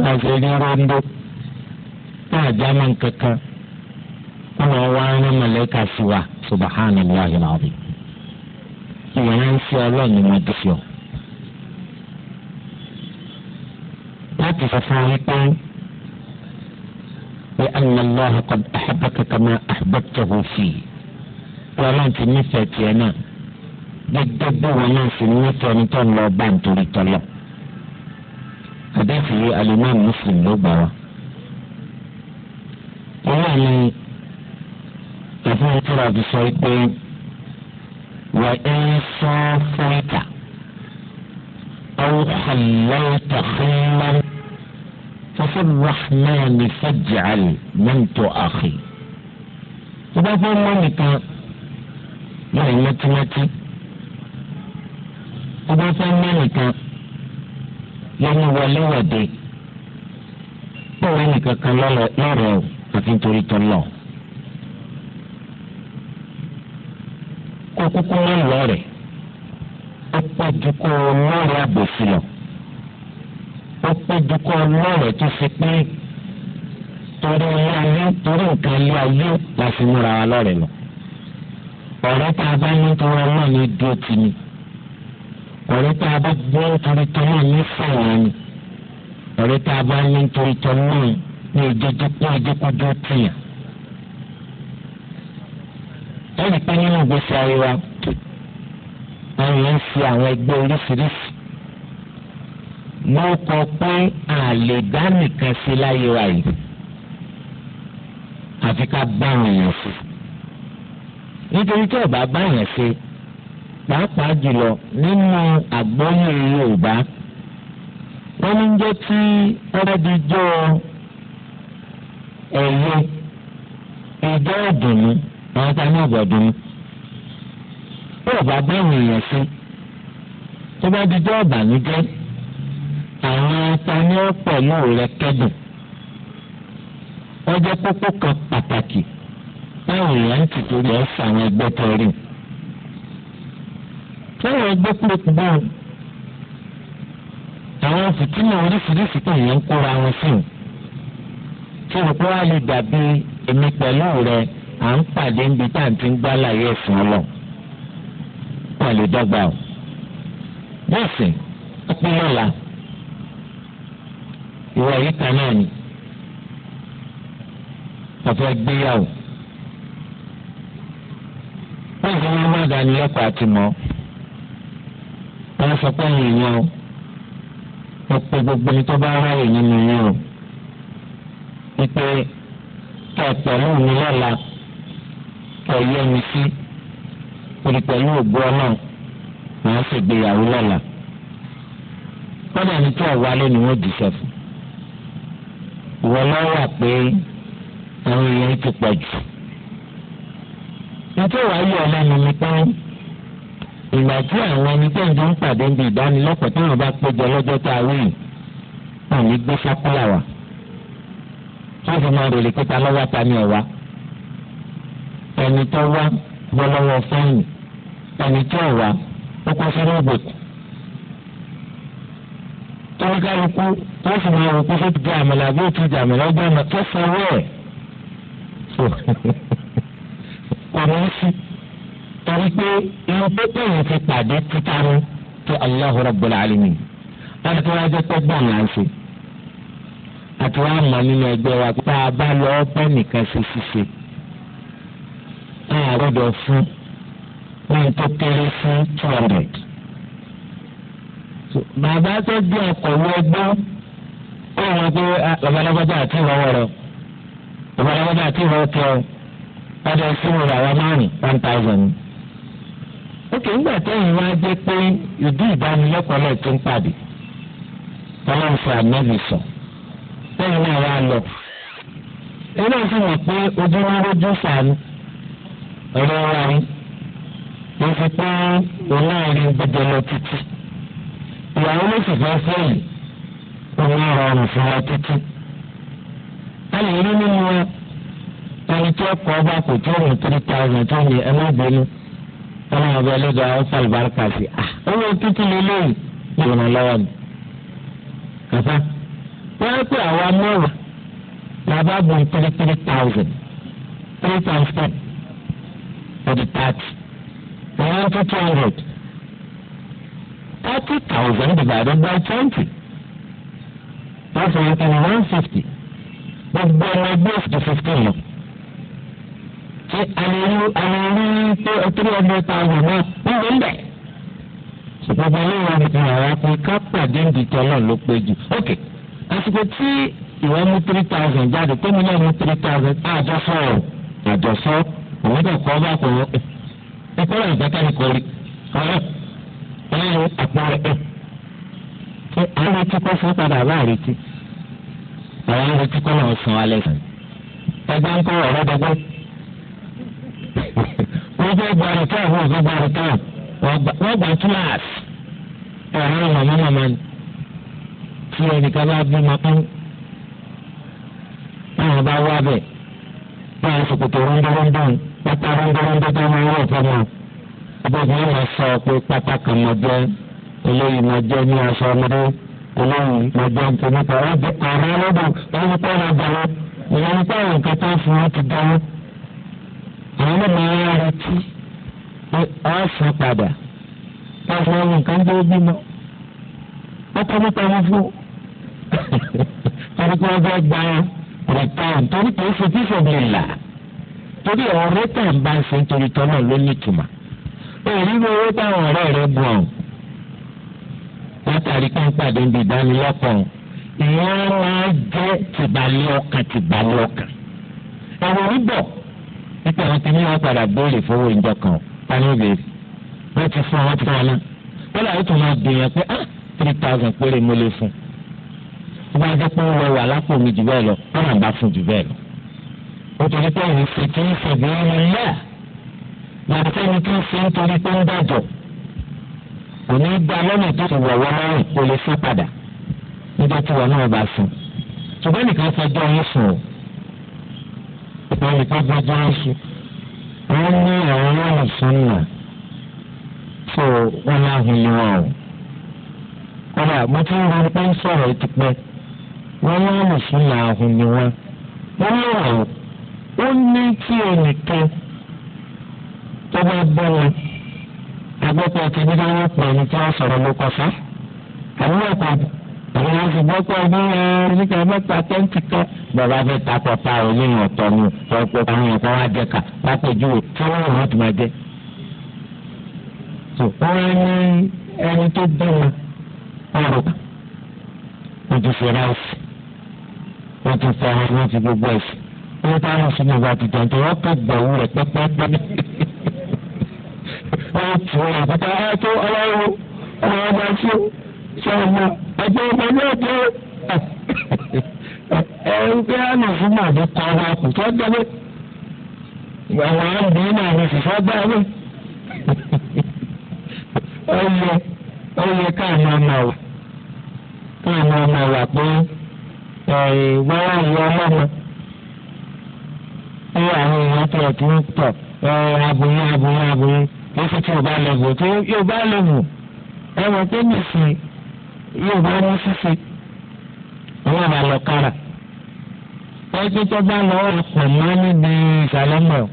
wọ́n fi ní rọ́ńdó náà jámà kankan wa subahana aláhi láti sọ لأن الله قد أحبك كما أحببته فيه ولن تنفت ينا بالدب وناس النفع نتون لو بان تريد الله هذا الإمام مسلم لو بارا ولعني يفعل ترى بسويتين وإن صافيت أو حللت خلاً fọfọ rahman fajal mọ́ntò àkè tó bá fọ́ mọ́ nìkan lọ́wọ́ mọ́tímọ́tí tó bá fọ́ mọ́ nìkan lọ́wọ́ wọléwọ̀de bọ́wọ́ nìkan kan lọ́rọ̀ àti nítorí tọ́lọ̀ kó kúkú mọ́ lọ́rẹ̀ ó pàdé lọ́rẹ̀ àbòsí ó pé dukọ lọ́rọ̀ tó fi pé torí ilé ayé torí nǹkan ilé ayé la fi múra wa lọ́rẹ̀ lọ. ọ̀rẹ́ tá a bá ní torí ọlọ́run ní dúró ti ni ọ̀rẹ́ tá a bá gbọ́ nítorí tọ́lọ́ ní fàwọn ni ọ̀rẹ́ tá a bá ní nítorí tọ́lọ́ ní ìjọ́jọ́ pé ìjọ́kọ́ dúró tìyàn. ẹnì pé nínú ìgbésí ayé wa àwọn ń fi àwọn ẹgbẹ́ oríṣiríṣi ló kọ pé àlè dá nìkan sí láyé wa yìí àfi ká bá àwọn èèyàn sí nítorí tí ọba bá yẹn ṣe pàápàá jùlọ nínú àgbọ́yé Yorùbá wọ́n ní jẹ́ tí ọlọ́dijọ́ ẹ̀yẹ ìjọ ọ̀dùnnú àwọn tá ní ìgbọ̀dùnnú tí ọba bá àwọn èèyàn sí tó bá dijọ́ ọ̀bànújẹ́ tani ó pẹ̀lú rẹ kẹ́dùn wọ́n jẹ́ kókó kan pàtàkì táwọn èèyàn ti torí ẹ̀ fàwọn ẹgbẹ́ tọ́rí. táwọn ẹgbẹ́ pèpè bọ́ àwọn fìtínà oríṣiríṣi tó yẹn ń kóra wọn sí i tí òkú wa lè dàbí èmi pẹ̀lú rẹ à ń pàdé níbi tá à ń ti ń gbá láyé ẹ̀sìn ọlọ́ pọ̀ lè dọ́gba o. bẹ́ẹ̀ sìn ọ́ pín ìwọ yìí kan náà ni ọ̀fẹ́ gbéyàwó wọ́n fi wọn má dání lẹ́kọ̀ọ́ àti mọ́ wọ́n sọ pé ẹ̀yìn yẹn o wọ́n pe gbogbo ní tó bá ráyè nínú yẹn o wípé kẹ́ pẹ̀lú mi lọ́la kẹ́ yẹ mi sí orí pẹ̀lú ògbó ọlọ́run màá ṣègbéyàwó lọ́la kọ́dà ní tí ọ̀wálé ni wọ́n dìṣẹ́ fún ìwọ náà wà pé àwọn èèyàn ti pọ̀ jù. nítorí wàá yọ ọlẹ́nu mi pé ìgbà tí àwọn ẹni tó ń jọ ń pàdé ń bi ìdánilọ́pọ̀ táwọn bá péjọ lọ́jọ́ tá a wí yìí wọn ní gbé sákúlà wa wọ́n fi máa rèlè pété alọ́wọ́ ta ni ọ̀wá ẹni tó wá gbọ́ lọ́wọ́ fẹ́yìn ẹni tó ọ̀wá ó kọ́ fẹ́rẹ́ ògbòkù kálukú tó sì máa wò pé ṣé ti jàmìlà bí ó ti jàmìlà ó jàmìlà tó sanwó ẹ̀ ọ̀rọ̀ sí torí pé irun pépé yẹn ti pàdé títaru tó Allahu Rabbul Alamin láti tó wájú pé gbọ̀n là ń ṣe àti wàá mọ̀ nínú ẹgbẹ́ wa pé tá a bá lọ ọpẹ́ nìkan ṣe ṣiṣe tá a rọ̀dọ̀ fún ní tó kéré fún two hundred. bàbá tó di ọ̀pọ̀lọpọ̀ ẹgbẹ́ ó wọ pé ah, babalábọ́jà àti ìrọ̀wọ́ rẹ babalábọ́jà àti ìrọ̀wọ́ tẹ ọ márùn-ún one thousand. tẹ́yìn wá pé ìdí ìdánilẹ́kọ̀ọ́ náà ti ń pàdé náà wá lọ. pé ìyàwó ló sì fẹ́ sẹ́yìn òun rọrùn fún wa títí. a lè rí nínú wa ẹni tí ọkọ̀ ọba kò tó rìn three thousand tó ní ẹ má gbẹ́nu ọmọ ọba ẹlẹ́dọ̀ àwọn sàlùbáríkà sí i. Ah, owó títí lélẹ́yìn ìrànlọ́wọ́ ni. kàfá wọ́n á pè àwọn amọ́ra làbá bùn three three thousand three times ten for the thirty. wọ́n á tún two hundred thirty thousand divided by twenty That's sọ wípé one fifty gbogbo ọmọ ẹgbẹ́ òfin fifteen lọ. ṣé àlèrú àlèrú pé three hundred thousand náà wọ́n lè ń bẹ̀. gbogbo olóòwò nìkan àwọn pé ká pàdé ń dìtọ́ náà ló pé jù. ok àsìkò tí ìwọ mú three thousand jáde tó mú náà mú three thousand àjọsọ ọ̀rọ̀ àjọsọ òun dẹ̀ kọ́ bá kọ́ ẹ̀kọ́ rẹ̀ ìgbẹ́kẹ̀lé kọ́ rí láàrin àpárẹ ẹ ṣé à ń retí kó fún padà bá retí àwọn retí kó náà sàn alẹ́ sàn ẹgbẹ́ ń kọ́ ọ̀rọ̀ dọ́gbọ́n wọ́n fẹ́ gba rìtá àwọn òfin gba rìtá wọ́n gba kíláàsì ọ̀rọ̀ màmá màmá ni tí ẹnìkan bá bí màmá báwọn bá wá bẹ̀ báwọn sòkòtò rọ́ńdọ́rọ́ńdọ́ ń pátá rọ́ńdọ́rọ́ńdọ́ tó máa ń rọ̀ fún wọn gbogbo wọn máa sọ pé pátákà máa jẹ eléyìí máa jẹ ní aṣọ ọmọdé eléyìí máa jẹ nǹkan nípa ọ̀rọ̀ ọ̀rọ̀ ọlọ́dọ̀ ọ̀rọ̀ tó ọ̀rọ̀ dàrú ìyá nípa àwọn nǹkan tó ń fún wọn ti dàrú. àwọn ọmọ yẹn wá retí pé ọ̀rọ̀ sàn padà káfọ́ ọ̀rọ̀ nǹkan tó bímọ ọkọ nípa wọn fún ọ̀rọ̀ kí wọ́n fẹ́ gbà rẹ̀ táwọn torí kò ń fi torí ọ̀rẹ́ bá ń ṣe nítorí tọ́lọ̀ ló ní ìtumọ̀ òrìrì owó táwọn ọ̀rẹ́ rẹ̀ bù ọ̀n látàrí pé ń pàdé ń bi ìdánilọ́pọ̀ ìyẹn máa jẹ́ tìbálẹ̀ ọkàn tìbálẹ̀ ọkàn ẹ̀rọ orí bọ̀ nípa àwọn tí wọ́n padà béèrè fowó ìjọ kan tani bèèrè wọ́n ti fún wọn fún wọn náà wọ́n làwọn tó máa gbìyànjú pé ah three thousand péré mo lè fún un wọ́n á jẹ́ pé wọ́n lọ wà lápò mi jù bẹ́ẹ̀ lọ wọ́n náà bá fún jù bẹ́ẹ̀ lọ. nítorí pé òun fi kí ń fẹ̀gbẹ́ yàtọ̀ sẹ́ni tó ń fi nítorí pé ń dàjọ́ kò ní í gba lọ́nà tó ti wọ̀wọ́ lọ́rùn kó lè fún padà níjọ́ tí wọn náà bá fún ṣùgbọ́n nìkan fẹjọ́ yín sùn o ìpè nìkan fẹjọ́ yín sùn wọ́n ní àwọn lọ́nà sùn nà tó wọ́n náà hun ni wọn o kódà mo ti ń ro pé ń sọ̀rọ̀ ti pẹ́ wọ́n lọ́nà sùn nà hun ni wọn wọ́n lọ́wọ́ ó ní tí ẹnìkan tó bá gbọ́ wọn ẹgbẹ́ pé kí ní bá wọ́n pè ní kí wọ́n sọ̀rọ̀ ló kọ́ fẹ́. àwọn ọkọ̀ àwọn olùgbọ́ pé ọdún yẹn nígbà mẹ́ta tẹ́ǹtì kan bàbá fẹ́ takọ̀ pa òyìn ọ̀tọ̀ ni ọ̀pọ̀ àwọn ẹ̀kọ́ wa jẹ ká pápẹ́júwe fáwọn ọ̀rọ̀ tó máa jẹ. wọ́n ní ẹni tó bímọ ọ̀rọ̀ ojú fèrè ọ̀sì wọ́n ti fọ ọmọ wọn ti gbogbo ẹ̀sìn wọ́n bá wọn sínú wọn fò àbúta ẹ tó ọlọ́run ọmọ ọba sí sọ ọmọ ẹgbẹ́ ọmọ náà tó ẹ ń gbé àná fún màdé kọ́ ọba kò tó dẹ́gbẹ́ ìyàwó àbí náà ní fífọ́ gbá mi ọyẹ ọyẹ káàmù ọmọ wà káàmù ọmọ wà pé wọ́n á yọ ọlọ́mọ pé àwọn èèyàn tó ẹ̀ tó ń tọ̀ aboyún aboyún aboyún lọ́sí tí yorùbá lẹ́gùn tí yorùbá lẹ́gùn ẹ mọ̀ pé nìsín yorùbá mú sísè àwọn àbá lọ kára ẹgbẹ́ tó bá lọ ọ̀rọ̀ pọ̀nmọ́ níbi ìsàlẹ̀ mọ̀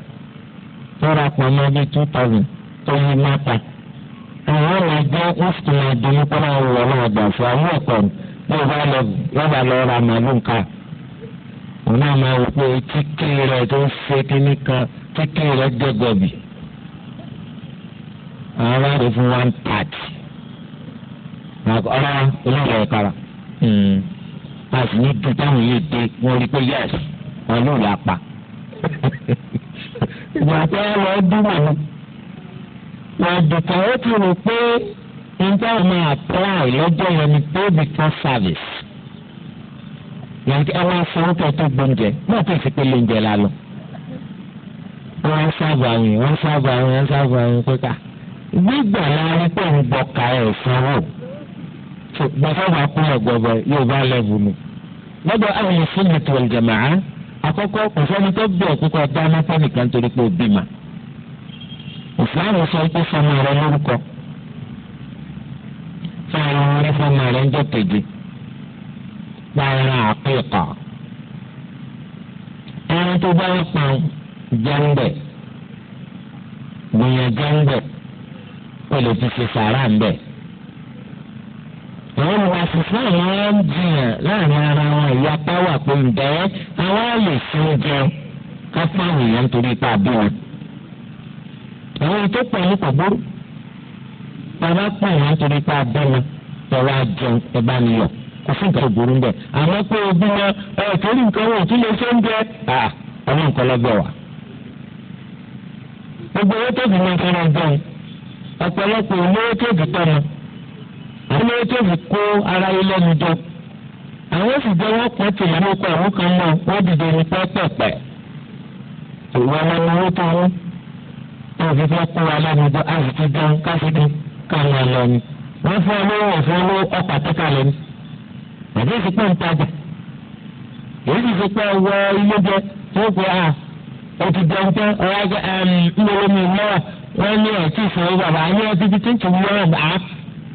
tó ra pọ̀nmọ́ bíi two thousand tó yí mọ́ta àwọn ọ̀rọ̀ jẹ́ wọ́n ti máa dùn kó máa wọ̀ náà dà fún àwọn ọ̀pọ̀ yorùbá lẹ́gùn yorùbá lọ ra màálù nǹkan òun náà máa wọ pé tíkì rẹ̀ tó ń ṣe kíní kan tíkì rẹ̀ jẹ́ gọ̀bì àwọn bá rí fún one part ọ̀rọ̀ olóòrè ìkara a sì ní dùn táwọn yìí dé wọ́n rí pé yẹ́s olóòrè apá ìgbà tí wọ́n lọ dúró wọ́n dùkọ̀ ó ti rò pé nígbà wọ́n máa apply lọ́jọ́ yẹn ni pay before service yàtí ẹ wá sanwó kẹ́ tó gbóúnjẹ náà tó sì pé lóúnjẹ lálọ́ wọ́n sábà wọ́n sábà wọ́n sábà wọ́n pé ká. Ah, gbígbà láàrin pé ń ka ẹ̀ fún wò ṣùgbọ́n akúlẹ̀ yóò bá lẹ́bù lọ́dọ̀ àwọn tó ń jẹ̀mọ̀ á tó dáná torí pé sọ pé fọmọ rẹ lórúkọ rẹ fọmọ rẹ ń gbàrà àpéèkọ. ẹni tó bá ń jẹ́ ń o lè ti ṣe sàrà ń bẹ̀. àwọn olùwàsísá àwọn ń jiyàn láàrin ara wọn ìyá páwà pé ǹjẹ́ àwọn lè fún jẹ ká fáwọn èèyàn torí ipa bí wọn. àwọn tó pọ̀ ní pàbórú bàbá pọ̀ èèyàn torí ipa bí wọn tọrọ àjẹun ẹ bá kò fún nǹkan ògbóró ń bẹ̀. àmọ́ pé ogun náà ẹ̀ torí nǹkan wọn ò tún lè ṣe ń jẹ́ ọmọ nǹkan lọ́gbọ̀ wa. gbogbo owó tó fi máa fẹ́ràn ọ̀pọ̀lọpọ̀ olówó tó fi tọ́mọ olówó tó fi kó ara ilé ẹnu jọ àwọn òṣìṣẹ́ wọn pọ̀ tó ìlú ọkọ̀ àwọn kan mọ̀ wọ́n dìde ní pẹ́pẹ́pẹ́ ìwọ ọmọ owó tó wọ́n tó fi fẹ́ kó ara jọ ti dán wọ́n olówó ọ̀fọ́ olówó èyí wọ ilé jẹ tó wọ́n ní ọtí ìfowó bàbá ní ọtí bíi tuntun wọ́n bá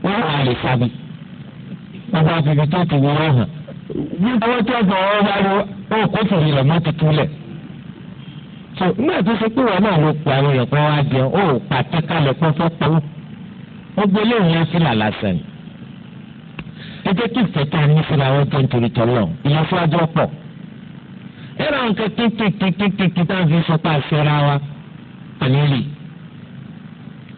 wọ́n wà lè fàbí bàbá bíbi tuntun wọ́n hàn bí wọ́n tó ọgbà wọn bá lọ ó kó fèrè lọ mọ́tò túlẹ̀ tó nígbà tó ṣe pé wọn náà ló pa àwọn èèyàn kan wá jẹun ó pàtẹ́kálẹ̀ pọ́nfọ́ pọ́n ó gbé léyìn yẹn sílà lásán ni ẹ jẹ́ kí ìfẹ́ tá a ní sílà wọn tó ń torí tọ́lọ̀ ìyẹn fúlájú ọ̀pọ̀ ẹ̀rọ nǹkan kékeré kékeré tá a fi fọ́pá ṣẹ́ra wa àníyàn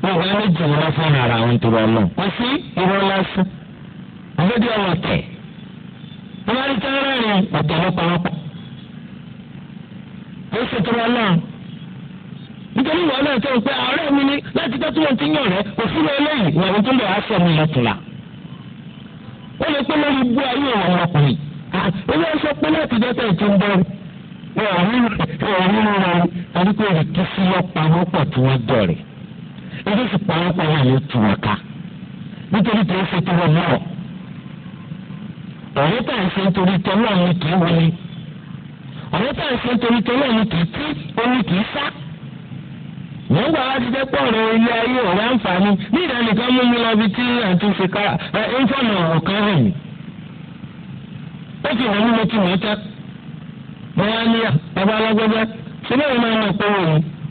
gbogbo ẹni jìnnà wọn fún ara wọn tó lọ lọ wọn sí irọ́ lásán àgbẹ̀dẹ ọ̀rọ̀ tẹ̀ wọn bá rí tẹ́lẹ̀ rẹ̀ ọ̀tọ̀ lọ́pọ̀lọpọ̀ ó sì tó lọ lọ nítorí wọn náà tó ń pẹ́ ọ̀rẹ́ mi ní láti tọ́ tí wọ́n ti yàn rẹ̀ òfin eléyìí wọn tó lọ aṣọ mi lọ́tùlà ó lè pé lórí bú ayé ìwọ̀n ọkùnrin olú ẹ sọ pé láti dọ́tà ètò ń bẹ̀rù wọn ò rí wọn àdúgbò rẹ̀ kí sí lọ́pàá wọn pọ̀ tí wọ́n dọ̀ rẹ̀ ilé sì pàápàá náà ló tù wọ́n ká nítorí tó ń fi tó wọn náà ọ̀rẹ́ tá à ń fi nítorí tó náà ni kì í wọlé ọ̀rẹ́ tá à ń nítorí tó náà ni kì í tí omi kì í sá wọ́n gbà wá ti jẹ́ pọ̀ ilé ayé ọ̀rẹ́ àǹfààní ní ìdánìkan mú mi lọ bí tí àtúnṣe ká ẹ ń fọ̀nà ọ̀kan hàn mí ó fi hàn mí mo ti mọ̀ ọ́ tẹ́ mo wá ní babalágbẹ́gbẹ́ sílẹ̀ ìmọ̀ ọmọ ìpínlẹ̀ yìí.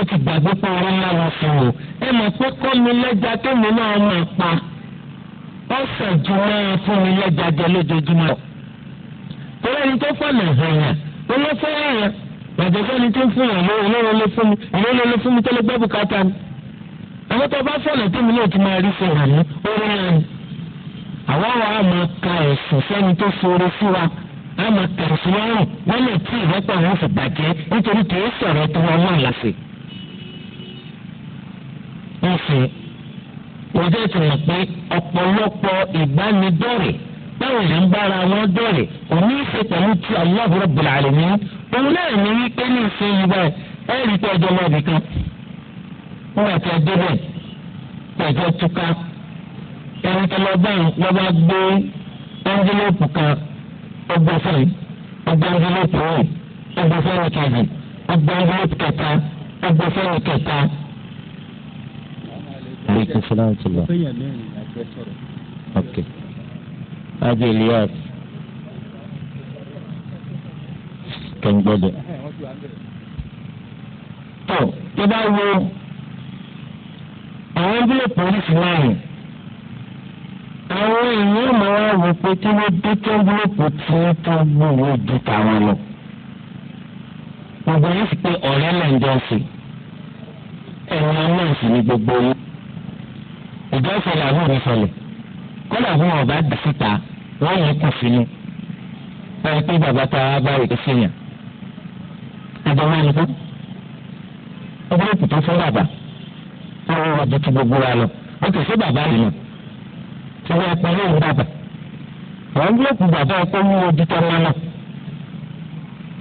ó ti gbàgbé pé orí ńlá lọ fún o ẹ mọ̀ pé kọ́ mi lẹ́jà kémi náà máa pa ọ̀sẹ̀ ju máa fún mi lẹ́jà jẹ lójoojúmọ́ lọ. torí ẹni tó fọ̀nà hàn olófẹ́ yẹn yàtọ̀ sẹ́ni tó ń fún yàn lórí olóró ló fún mi olóró ló fún mi tó ló gbẹ́ bùkátà mi. àwọn tó bá fọ̀nà tèmi náà ti máa rí fún hàn orí náà ni. àwa wà á máa ka ẹ̀sùn sẹ́ni tó fọ̀rọ̀ fún wa á máa kẹ̀sùn lọ́rùn wọ́n lè tí ìrẹ́pọ̀ wọn fi bàjẹ́ nítorí kì í sọ̀rọ̀ tó wọn náà lásìkò kún fún ojú ẹ̀sìn mọ̀ pé ọ̀pọ̀lọpọ̀ ìbánidọ́rẹ̀ báwo lè ń bára wọn dọ̀rẹ̀ òní ìṣe pẹ̀lú ti Allahu Rabbul Alamin òun náà ní wípé ní ìsinyìí báyìí ẹ̀ rí pé ọjọ́ mọ́bì kan wọ́n àti ẹ̀dẹ́bẹ̀ pẹ̀jọ́ túká ẹni tó lọ bá wọn bá gbé ẹnjẹ́lẹ́pù kan ọgbẹ́ fún ọgbẹ́ ẹnjẹ́lẹ́pù rẹ̀ ọgbẹ́ fún ẹnì kejì ọgbẹ́ ẹnjẹ́lẹ́pù kẹta ọgbẹ́ fún ẹnì kẹta aleykum salaam ti lọ. ok ajé elias kẹ́ńgbọ́dọ̀. tó tó bá wo àwọn ìdílé pọ́lísì láàyè àwọn èèyàn máa wá wò pé kí wọ́n dé kẹ́ńgbọ́dọ̀ tí wọ́n tó gbòòrò ju tàwọn lọ. gbogbo yìí sì pé ọ̀rẹ́ lẹ́ńdọ́sì ẹ̀rọ náà sì ni gbogbo yìí ìjọ ìṣẹ̀lẹ̀ àbí òní ìṣẹ̀lẹ̀ kọlà bí wọn bá dà síta wọn yẹn kù sínú báyìí pé bàbá ta bá rèé síyàn ẹgbẹ́ wọn ni kú ẹgbẹ́ òkú tó fún bàbá táwọn ọ̀rọ̀ ju ti gbogbo wa lọ wọn kì í sí bàbá yìí lọ tí wọn pẹ ní òun bàbá àwọn búlọ̀kù bàbá ọkọ mú odi tọ́ mọ́ náà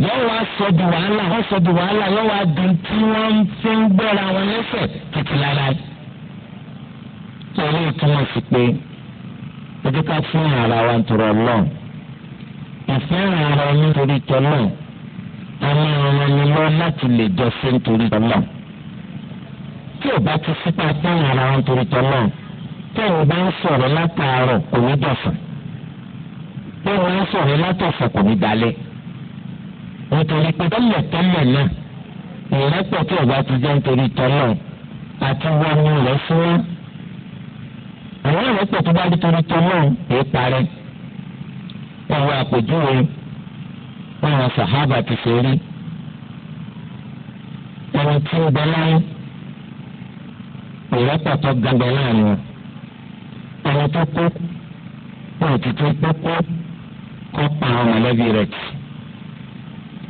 yóò wá sọ di wàhálà wọ́n sọ di wàhálà yóò wá di tí wọ́n fi ń gbẹ́ra wọn lẹ́sẹ̀ kìtìlára yìí pẹ̀lú ìtumọ̀ sí pé ẹ jẹ́ ká fún ara wa tọrọ lọ́n ìfẹ́ ara nítorí tọ́lọ̀ àwọn ọ̀ràn ni lọ láti lè jọ sí nítorí tọ́lọ̀ tí ò bá ti sípa fún ara wa nítorí tọ́lọ̀ tí ò bá ń sọ̀rọ̀ látàárọ̀ kò ní dọ̀sán tí ò bá ń sọ̀rọ̀ látọ̀sán kò ní dalẹ̀ nítorí pé tọ́lẹ̀ tọ́lẹ̀ náà ìrẹ́pọ̀ tí ò bá ti jẹ́ nítorí tọ́lọ̀ àti wọn ni rẹ̀ fún wọn àwọn ọ̀rọ̀ pọ̀ tó bá rí torí tó náà èé parẹ́ wọn wọ àpèjúwe wọn wọn sàhábà ti ṣe rí ẹni tí ń bẹ láyé ìrẹ́pọ̀ tó gbàgbẹ́ láàrin ẹni tó kú òtítọ́ tó kú kọ́ pa àwọn mọ̀lẹ́bí rẹ̀ tì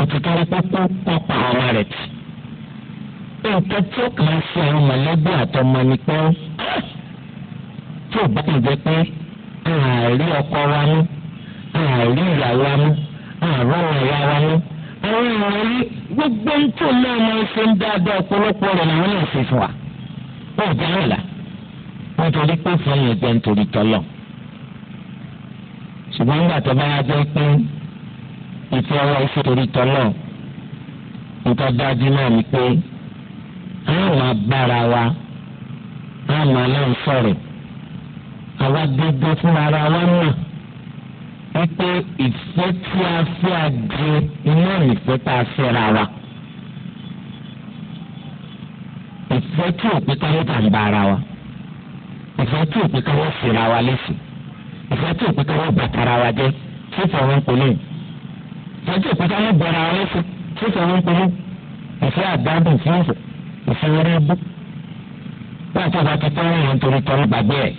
òtítọ́ tó kú kọ́ pa àwọn ọmọ rẹ̀ tì nǹkan tí ó kàn ń fi àwọn mọ̀lẹ́bí àtọmọ ni pé tí ò bá yẹn jẹ́ pé àárí ọkọ wa mú àárí ìyàwó wa mú àárọ̀ ìyá wa mú àwọn èèyàn rí gbogbo ń tó náà máa ń ṣe ń dáadáa ọ̀pọ̀lọpọ̀ rẹ̀ làwọn náà ṣe fún wa wọ́n jẹ́ àlà wọ́n torí pé fún yẹn jẹ́ nítorí tọ́lọ̀ ṣùgbọ́n nígbà tó bá yá jẹ́ pé ìfẹ́ wa ìfẹ́ torí tọ́lọ̀ nǹkan dájú náà ni pé àwọn máa bára wa àwọn máa náà sọ̀rọ̀ àwa gbẹgbẹ fún ara wa náà wípé ìfẹ́ tí a fẹ́ àdé iná ìfẹ́ tá a fẹ́ra wa ìfẹ́ tí ò pé ká ló tà ń ba ara wa ìfẹ́ tí ò pé ká ló fìra wa lẹ́sìn ìfẹ́ tí ò pé ká ló bàtàrà wa jẹ́ fífọ̀ wọn kò lè ìfẹ́ tí ò pé ká ló bọ̀ra wa lẹ́sìn fífọ̀ wọn kò lè ìfẹ́ àgbádùn fífọ̀ ìfẹ́ orí bú wọ́n àti ọba ti tọ́ ẹ̀yàn torí tọ́lú gbàgbé ẹ̀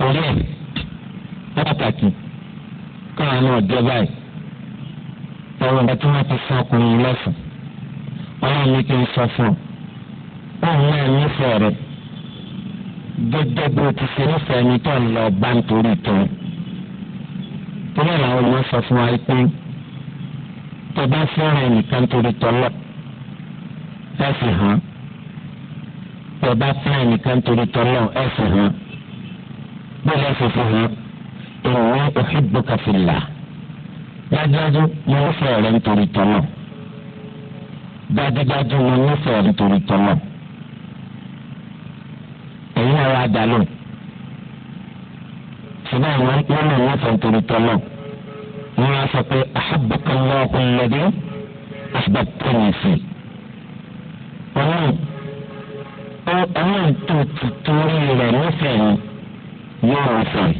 torí ẹ̀ pàtàkì káwọn náà dé báyìí lọ́wọ́ ìgbà tí wọ́n ti fún ọkùnrin lẹ́fọ̀ọ́ ọlọ́run ní kí n sọ fún ọ òun náà nífẹ̀ẹ́ rẹ̀ gẹ́gẹ́ bí o ti ṣe nífẹ̀ẹ́ ẹni tó ń lọ bá nítorí ìtọ́ni torí àwọn olùwọ́n sọ fún wa pé tó bá fẹ́ràn ẹnìkan torí tọ́lọ̀ ẹ fi hàn tó bá fẹ́ràn ẹnìkan torí tọ́lọ̀ ẹ hàn bóyá fífi hàn inni uhibbuka fillah dájúdájú mo nífẹ̀ẹ́ rẹ nítorí tọ́lọ̀ dájúdájú mo nífẹ̀ẹ́ nítorí tọ́lọ̀ èyí náà wá dá lóhùn ṣùgbọ́n àwọn wọn náà nífẹ̀ẹ́ nítorí tọ́lọ̀ wọn á sọ pé ahabbuka Allahu alladhi ahbabtani fi ọlọ́run ọlọ́run tó ti torí rẹ̀ nífẹ̀ẹ́ yìí yóò fẹ́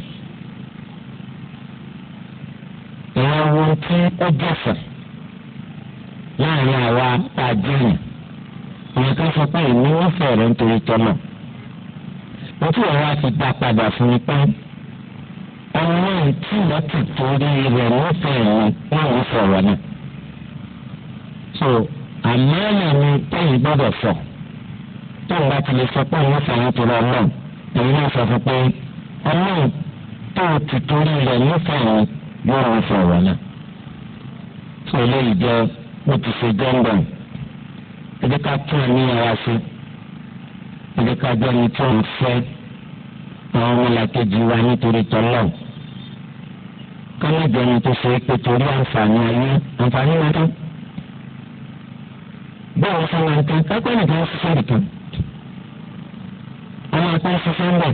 ìyẹn wo tí ó dẹ̀fẹ̀ láàrin àwa pàjẹ́yìn àwọn kan sọ pé ìní wọ́n fẹ́ rẹ̀ nítorí tọ́lọ̀ mo tí ìwà ti dá padà fún mi pé ọmọ náà tí wọ́n ti torí rẹ̀ nífẹ̀ẹ́ mi náà ń sọ̀rọ̀ náà so àmọ́ ẹ̀yìn mi tẹ́yìn gbọ́dọ̀ sọ tóun bá ti lè sọ pé òun fẹ́ràn tó lọ náà èyí náà sọ fún pé ọlọ́run tó o ti torí rẹ̀ nífẹ̀ẹ́ wọn yóò rán fún ọ̀rọ̀ náà. sọ eléyìí jẹ́ mo ti ṣe jẹ́ńdọ̀n ẹ jẹ́ ká tún ẹni ara sí ẹ jẹ́ ká jẹ́ ẹni tí wọ́n fẹ́ àwọn ọmọlàkejì wa nítorí tọ́lọ̀ ká jẹ́ ẹni tó ṣe é pé torí àǹfààní ayé àǹfààní wọn tán. bẹ́ẹ̀ wọ́n fẹ́ wọn kápẹ́ nìkan ṣiṣẹ́ nìkan ọmọ akọ́ ṣiṣẹ́ ń bẹ̀.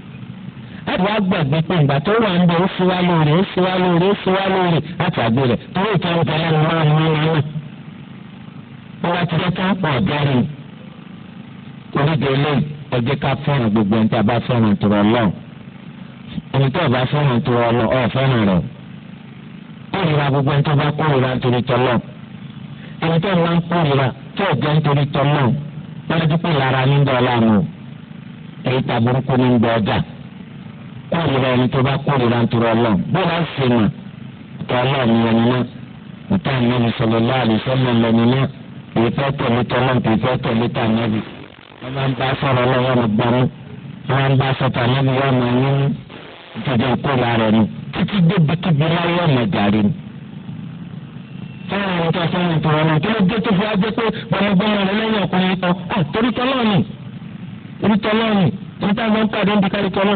àti wàá gbàgbé pé ìgbà tó wà ń bẹ ó fi wá lóore ó fi wá lóore ó fi wá lóore láti àgbè rẹ̀ torí ìtàn ìtàn ẹnu máa ń mú inú wọn wá ti dẹ́ tán pọ̀ dárí oríṣi eléyìí ẹ jẹ́ ká fẹ́ràn gbogbo ẹni tí a bá fẹ́ràn tó rọ lọ́wọ́ ẹni tó bá fẹ́ràn tó rọ lọ́wọ́ ọ̀ fẹ́ràn rẹ̀ kórìíra gbogbo ẹni tó bá kórìíra nítorí tọ́lọ́ ẹni tó máa ń kórìíra tó ọ̀jẹ́ nítorí tọ́lọ́ wọ́n á dúpọ̀ lára ní dọ́ọ̀lá nù èyí tàbí orúkọ ní dọ́ọ̀jà kórìíra ẹni tó bá kórìíra ń tọrọ lọ bó bá sì mà tọlọ ní ẹni náà níta nàbì sọlọ láàrin sọlọ lẹni náà pèpè tẹlẹ tọlọ pèpè tẹlẹ tà nàbì wọn bá ń bá sọ̀rọ̀ lọ wọn gbọmú wọn ń bá sọta nàbì wọn máa ń yín ìtọ́jú kórìíra rẹ ni títí débi kíbi láyé ọmọ jàre ni fẹ́ràn ẹni tó fẹ́ràn tó wọn kí ló dé tó fi ajé pé gbọmọgbọmọ rẹ lẹ́yìn ọkùnrin kan à torí tọlọ ni torí tọlọ ni níta gbọ́n kàdé ń di kárí tọlọ.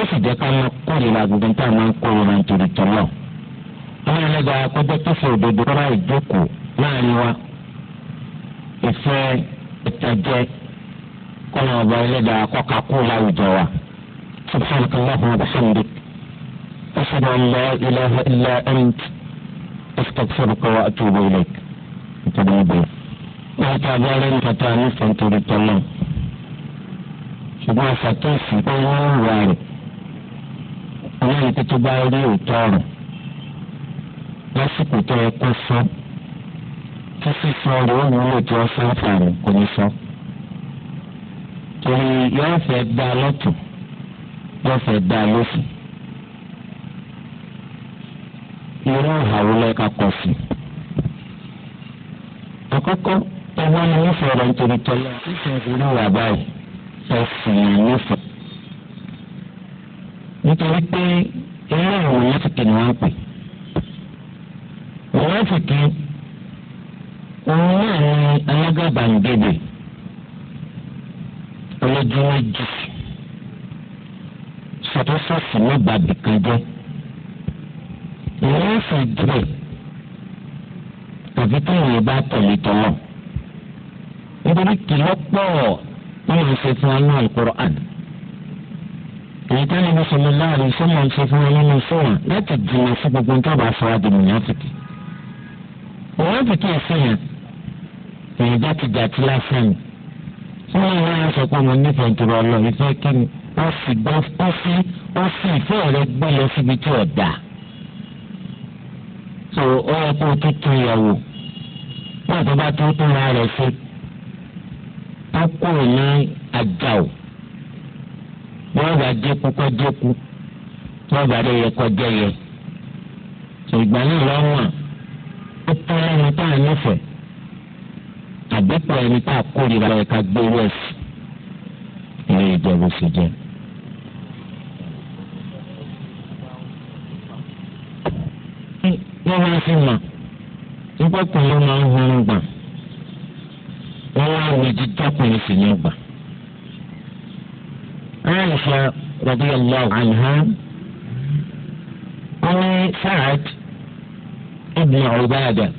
ó sì jẹ́ ká lọ kórìíra gbogbo tá a máa ń kórìíra nítorí tọ́lọ̀. àwọn ẹlẹ́gbẹ́ akọ́jọ́ tó fi òdodo rárá ìjókòó láàrin wa ìfẹ́ ìtàjẹ́ kọ́nà ọba ẹlẹ́gbẹ́ akọ́ka kú láwùjọ wa. سبحانك اللهم وبحمدك أشهد أن لا إله إلا أنت أستغفرك وأتوب إليك تبابي وتبارك فتاني سنتوري الله ṣùgbọ́n àfàtúnṣe pé wọ́n ń wà eléyìí tó tó bá rí òótọ́ ọ̀rọ̀ lásìkò tó yẹ kó sọ tí sísọ rẹ̀ ó wúlò tí wọ́n fẹ́ fàánù kò ní sọ. torí yóò fẹ́ dá lọ́tọ̀ yóò fẹ́ dá lófì. irú ìhàwó lẹ́ka kọ̀ sí. àkọ́kọ́ ẹgbẹ́ ni wọ́n fọ̀rọ̀ nítorí tọ́lá tí ìṣẹ̀lẹ̀ ìlú báyìí ẹ̀sìn ìlú fọ̀rọ̀ nítorí pé ilé ìwòye fìkì ni wọ́n pè ìwòye fìkì òun náà ni alágàbàǹgẹ̀dẹ̀ olójú méjì sọtọ́sọ̀sì mẹ́ba bìkan jẹ́ ìwòye fìdíbè tàbí tí ìwòye bá tẹ̀lé tọ́lọ̀ nítorí kìlọ́pọ̀ ní ìṣẹ́fún anú Al-Qur'an àná èyí tí wọn sọ lọ́la àrí sọ́mọ ń sọ fún wọn nínú fóònù láti jìnnà fún gbogbo nǹkan bá fara di mùnàfìkì. mùnàfìkì ẹ̀sìn yẹn èyí já ti jà tí lásán ni. wọ́n yẹ wọ́n yẹ sọ pé mo nífẹ̀ẹ́ ìtura ọlọ́run ìfẹ́ kí ni ó sì gbọ́ ó sì ó sì ìfẹ́ rẹ gbé lọ síbi tí ò dáa. so ó yẹ kó o tó tó ìyàwó wọ́n àti bá tó tó ra rẹ̀ sí. ó kúrò ní àjàù. wọ́n bá jẹ́kú kọ́ jẹ́kú wọ́n bá dé yẹ kọ́ jẹ́ yẹ. a nífẹ̀ẹ́ àbẹ́pọ̀ ẹni tá a gbé ilé wọ́n máa fi nígbà kan ló máa ń hun gbà wọ́n wá wọ́n jíjọ́ kan ní Aisha radiyallahu anha ọmọ Sa'ad ibn Ubadah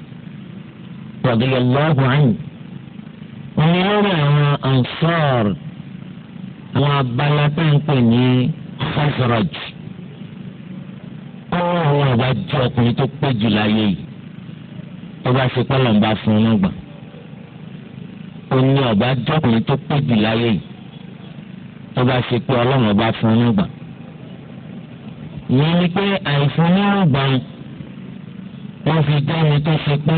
radiyallahu anhu ọmọ lórí àwọn Ansar àwọn abala tó ń pè ní Khazraj ọmọ àwọn ọba jẹ ọkùnrin tó pé jù láyé yìí ọba ṣe pẹlọmba fún un lọgbà ó ní ọba jọkùnrin tó pé jù láyé yìí tó bá ṣe pé ọlọ́run ọba fún un nígbà. ìyẹn ni pé àìfún nírùgbà wọ́n fi dá ẹni tó ṣe pé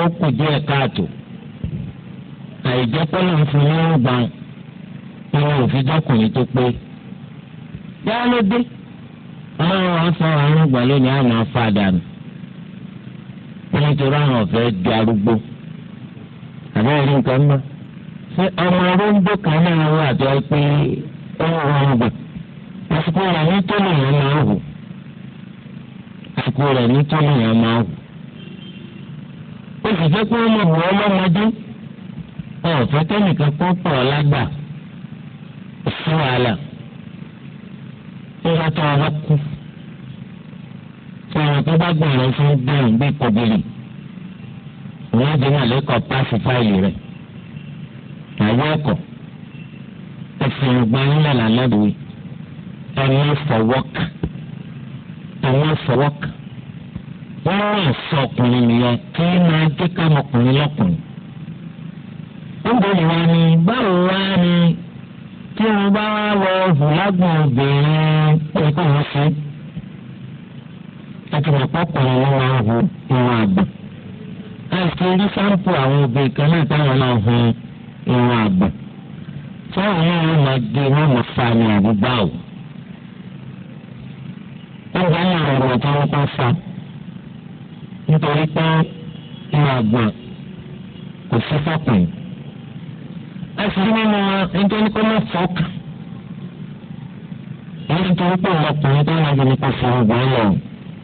ó kù díẹ̀ káàtó àìjẹ́pọ́lọ̀ ń fún nírùgbà wọn ò fi dọ́kùnrin tó pé. yá ló dé ọlọ́run wọn fọ àrùn gbà lónìí àwọn afáàdánù nítorí àwọn ọ̀fẹ́ di arúgbó àbẹ́rẹ́ nǹkan náà pé ọmọ olóńgbò kan náà wà jọ pé ó ń rọrùn gbà àsìkò rẹ̀ ní tó nìyẹn máa wù àsìkò rẹ̀ ní tó nìyẹn máa wù ó sì fẹ́ pé ọmọ bù ọlọ́mọdé ọ̀fẹ́ tẹ́nìkan kó pọ̀ lágbà sí wàhálà nígbà tó ọba kú ọ̀rọ̀ tó bá gbọ̀n lọ fún gbẹ̀rùn bí kòbìrì ìwádìí náà lẹ́kọ̀ọ́ pàṣípààyè rẹ̀ làwọn ẹ̀kọ́ ẹ̀fìn ọgbà ńlá làlábùwì ẹ̀mí fọwọ́kà ẹ̀mí fọwọ́kà wọ́n ní ẹ̀fọ́ ọkùnrin nìyẹn kí máa dé kámọkùnrin lọ́kùnrin. obìnrin wa ni báwo wá ni tí wọ́n bá wá lọ hùlágbọ̀n obìnrin ẹ̀kọ́ wọn sí ẹ̀kọ́ ọkùnrin ló máa hù ìwọ̀n àgbà. àìsí rí sáǹpù àwọn obìnrin kan náà táwọn náà hùn irun àgbò táwọn yìí yóò máa gé wọn máa fa ní àgbègbè àwò ó gbà ní ọ̀rọ̀ táwọn kan fa nítorí pé irun àgbò kò sí fọkùn ẹ sì rí nínú nítorí kó má fọkàn wọ́n nítorí pé ọmọkùnrin tó lọ́jọ́ ní kò fún obìnrin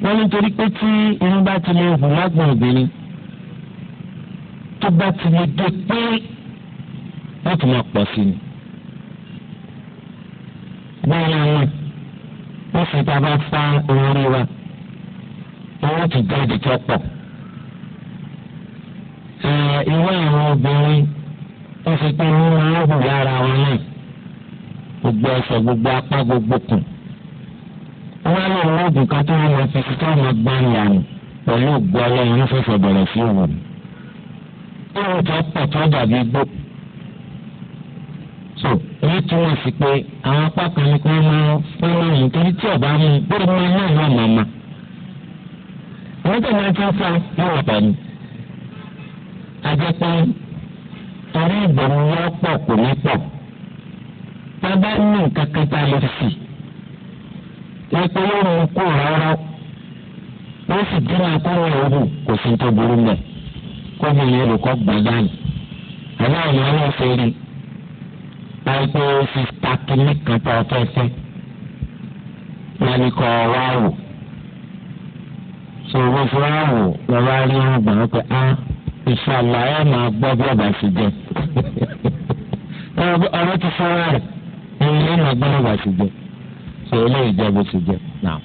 lọ wọ́n nítorí pé tí irun bá ti lè hù lágbọ̀n obìnrin tó bá ti lè dé pé yóò tún máa pọ̀ sí ni. bẹ́ẹ̀ náà wọ́n fi ta bá fa orí wa owó ti jáde tó pọ̀. ìwé àwọn obìnrin wọ́n fi pé wọ́n máa ń hù lára wọn náà gbogbo ẹsẹ̀ gbogbo apá gbogbo kùn. wọ́n lọ wọ́n oògùn kan tó wọ́n fi tó wọ́n gbá ìyàwó pẹ̀lú ògbó ọlọ́run fẹ́fẹ́ bẹ̀rẹ̀ sí òun. ó ń tọ́ pọ̀ dàbí gbòkù túmọ̀ sí pé àwọn apá kan ní kó máa kó máa mú torí tí ọba mú bóde máa náà náà máa ma. wọ́n tẹ̀ máa tún fa yóò pọ̀ ni. àjẹpọ̀ torí ìgbòho yóò pọ̀ kò ní pọ̀. tábà ní nǹkan kan tá a lè sì. wípé yóò mú kó rárá. wọ́n sì dín ní akọ́rọ̀ òògùn kò sí tó burú mẹ́. kó mi yẹn lò kọ́ gbàgbá yìí. ọmọ ọlọ́ọ̀fẹ́ rí i láìpẹ́ sísá kínní kan tó fẹ́ fẹ́ wọ́n ní kọ́ wá wò so wọ́n fún wa wò wọ́n wá rí ọgbọ̀n wọn pé á ìṣàlà ẹ̀ máa gbọ́ bí ọba ṣe jẹ ọ̀rọ̀ ti fún wa rẹ̀ ẹ̀yìn ẹ̀ máa gbọ́ bí ọba ṣe jẹ so eléyìí jẹ́ bó ṣe jẹ náà.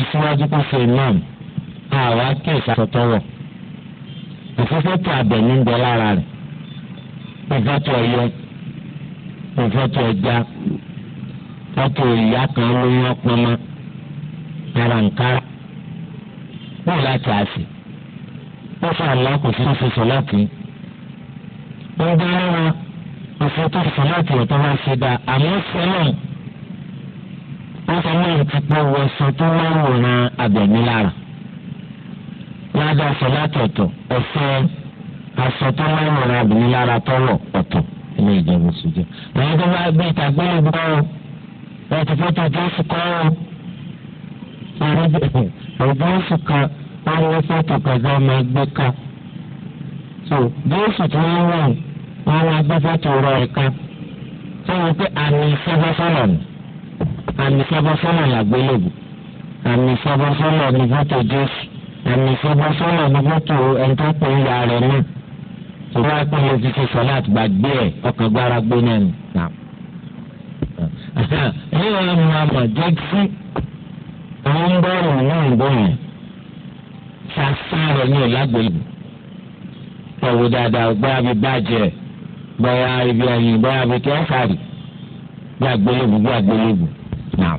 ìsíwájú kó ṣe imam àwa kí ìsàtọ̀tọ̀ wọ̀ òfófó tó abẹ̀mí ń bẹ lára rẹ̀ òfótó ọyọ òfótó ọjà ọtó ìyá kan lóyún ọpọmọ ara nkárá wọ́n láti àṣì wọ́n fún àlọ́ kò sí fífi sọ̀láàtì wọ́n gbá lọ́wọ́ òfótó sọ̀láàtì ọ̀tọ́ wá sí dá àmọ́ sẹ́lọ̀n náà ti pé wẹsẹ tó máa ń wòran abẹ̀mí lára ládàá ṣe láti ọ̀tọ̀ ẹsẹ̀ aṣọ tó máa ń wòran abẹ̀mí lára tọ́wọ̀ ọ̀tọ̀ ilé ìjọba ìṣòjọ. lẹ́yìn tó bá gbé ìtàgbélébùú ọ̀rọ̀ wọ́n ti fẹ́ tó jọ́sù kan ọ̀rọ̀ jọ́sù kan wọ́n ní fọ́tò kọjá máa gbé ká. so jọ́sù tó ń wọ̀ wọ́n máa gbé fọ́tò rọ̀ ẹ̀ka. sọ wọ́n pé àmì sábọ́sọ́nà làgbélébù àmì sábọ́sọ́nà ní fọ́tò jésù àmì sábọ́sọ́nà ní fọ́tò ẹ̀ńtọ́pọ̀ ìyá rẹ̀ náà tòun wá pé lè fi ṣe sọ́láàtì gbàgbé ẹ̀ ọkàn gbára gbé náà nù. ẹ̀yìn wọn mú àmọ̀ jẹ́kí àwọn ń bọ̀ ọ̀rùn náà ń bọ̀ yẹn ṣàṣà rẹ̀ ní ìlágbélébù ọ̀wọ́ dáadáa gbọ́dọ̀ bí bàjẹ́ bọ́yá ibi ẹ̀yìn bọ́yá bí kẹ́fàrì gbàgbélébù gbàgbélébù. Now.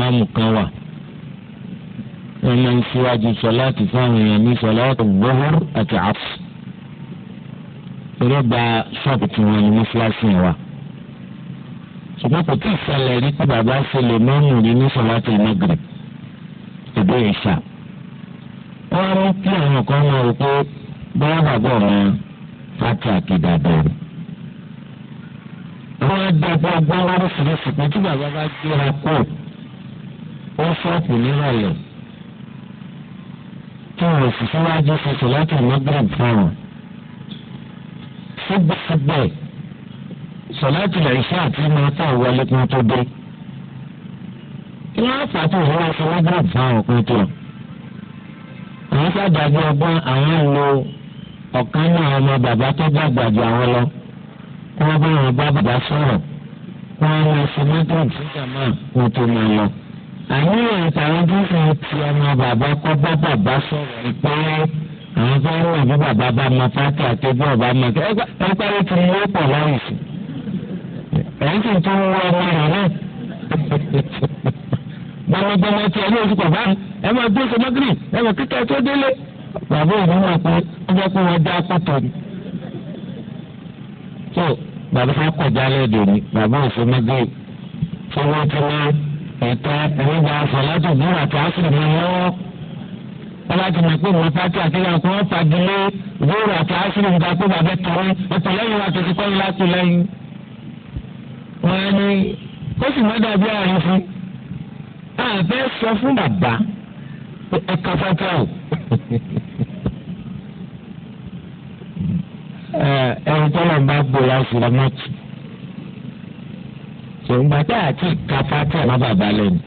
ìmáàmù kan wà wọ́n máa ń síwájú sọláàtì fáwọn èèyàn ní sọláàtì gbọ́hùr àti àfù erébà ṣọ́ọ̀bù tí wọ́n ní fúláṣí wa ṣùgbọ́n kò tí ì ṣẹlẹ̀ rí pé bàbá ṣe lè mọ́mù rí ní sọláàtì magrib ìdó ìṣà wọ́n á mú kí àwọn kan máa rò pé báyà bàbá ọ̀rọ̀ láti àkìdá bẹ̀rẹ̀ wọ́n á dẹ́gbẹ́ gbọ́ lóríṣiríṣi pé tí bàbá bá gbéra kúrò ṣọ́ọ̀pù nírọ̀lẹ́ tí wọ́n sì síwájú sí sọ̀láàtì magreb fáwọn. síbẹ̀síbẹ̀ sọ̀láàtì ìṣá àti mọ́tà wọlé kí wọ́n tó dé. kí wọ́n fà tó wọ́n sí magreb fáwọn kún tó. àwọn sàdàgbé ọgbọ́n àwọn lo ọ̀kan náà ọmọ bàbá tó gbàgbà jù àwọn lọ. kí wọ́n bá wọn bá bàbá sọ̀rọ̀. wọ́n lọ sí magreb fún jàmáà kún tó máa lọ àníyàn ìtàwọn tó fi ti ọmọ bàbá kọ́ bá bàbá sọ̀rọ̀ ni pé àwọn tó ń rìn bí bàbá bá ma pátá àti bí ọba ma kẹ́ ẹ gbá ló ti mú ọ̀pọ̀ lọ́rùn sí ẹ̀ ń sì tún wọ ọmọ rẹ̀ náà bàbá bàbá tí ẹni oṣù bàbá ẹ máa gbé sọmọgìrì ẹ máa kíkẹ́ tó délé bàbá òun máa pé ó jẹ́ pé wọ́n dá pátá ni. tó bàbá kọjá lẹ́dọ̀ọ́ ni bàbá òṣèmọgìrì tí wọ́n ti máa ètò ìwọ́gba àfọlájò ní àti àfìrí ni wọ́n wọ́n ti mọ̀ pé wọ́n pàtó àkíyà kó wọ́n fagilé wóòrò àti àfìrí nígbà pé bàbá tọ̀rọ̀ ọ̀tọ̀ lẹ́yìn wa tó ti kọ́ ilá tó lẹ́yìn. wọ́n ní ó sì mọ́ dàbí àárín fún àbẹ́ sọ fún bàbá ẹ̀ka fọ́tọ̀ o. ẹ̀rù tọ́lọ̀ ń bá gbòòrò àfìrí ọmọ tù òǹgbà tí àti ìkápá tí àwọn bàbá lẹ́nu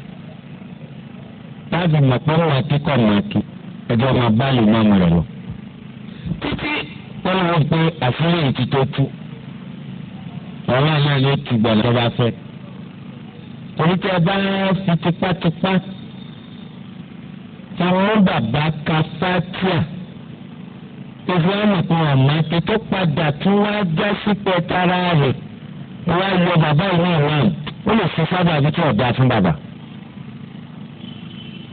láti mọ̀ pé wọ́n ti kọ̀ mọ́ kí ẹjọ́ máa bá lè má mọ̀ rẹ̀ lọ. títí wọ́n lọ pé àfúrò ètí tó tú ọ̀rọ̀ náà ló ti gbọ̀n tó bá fẹ́. torí tí ẹ bá fi tipátipá tí wọ́n bàbá ka fátíà tó pé wọ́n máa tó padà tí wọ́n já sí pẹ́ rẹ̀ ìwà ìlọ bàbá ìlú ìmáàmù ó lè fi sábà bí tí ọ̀dà fún bàbá.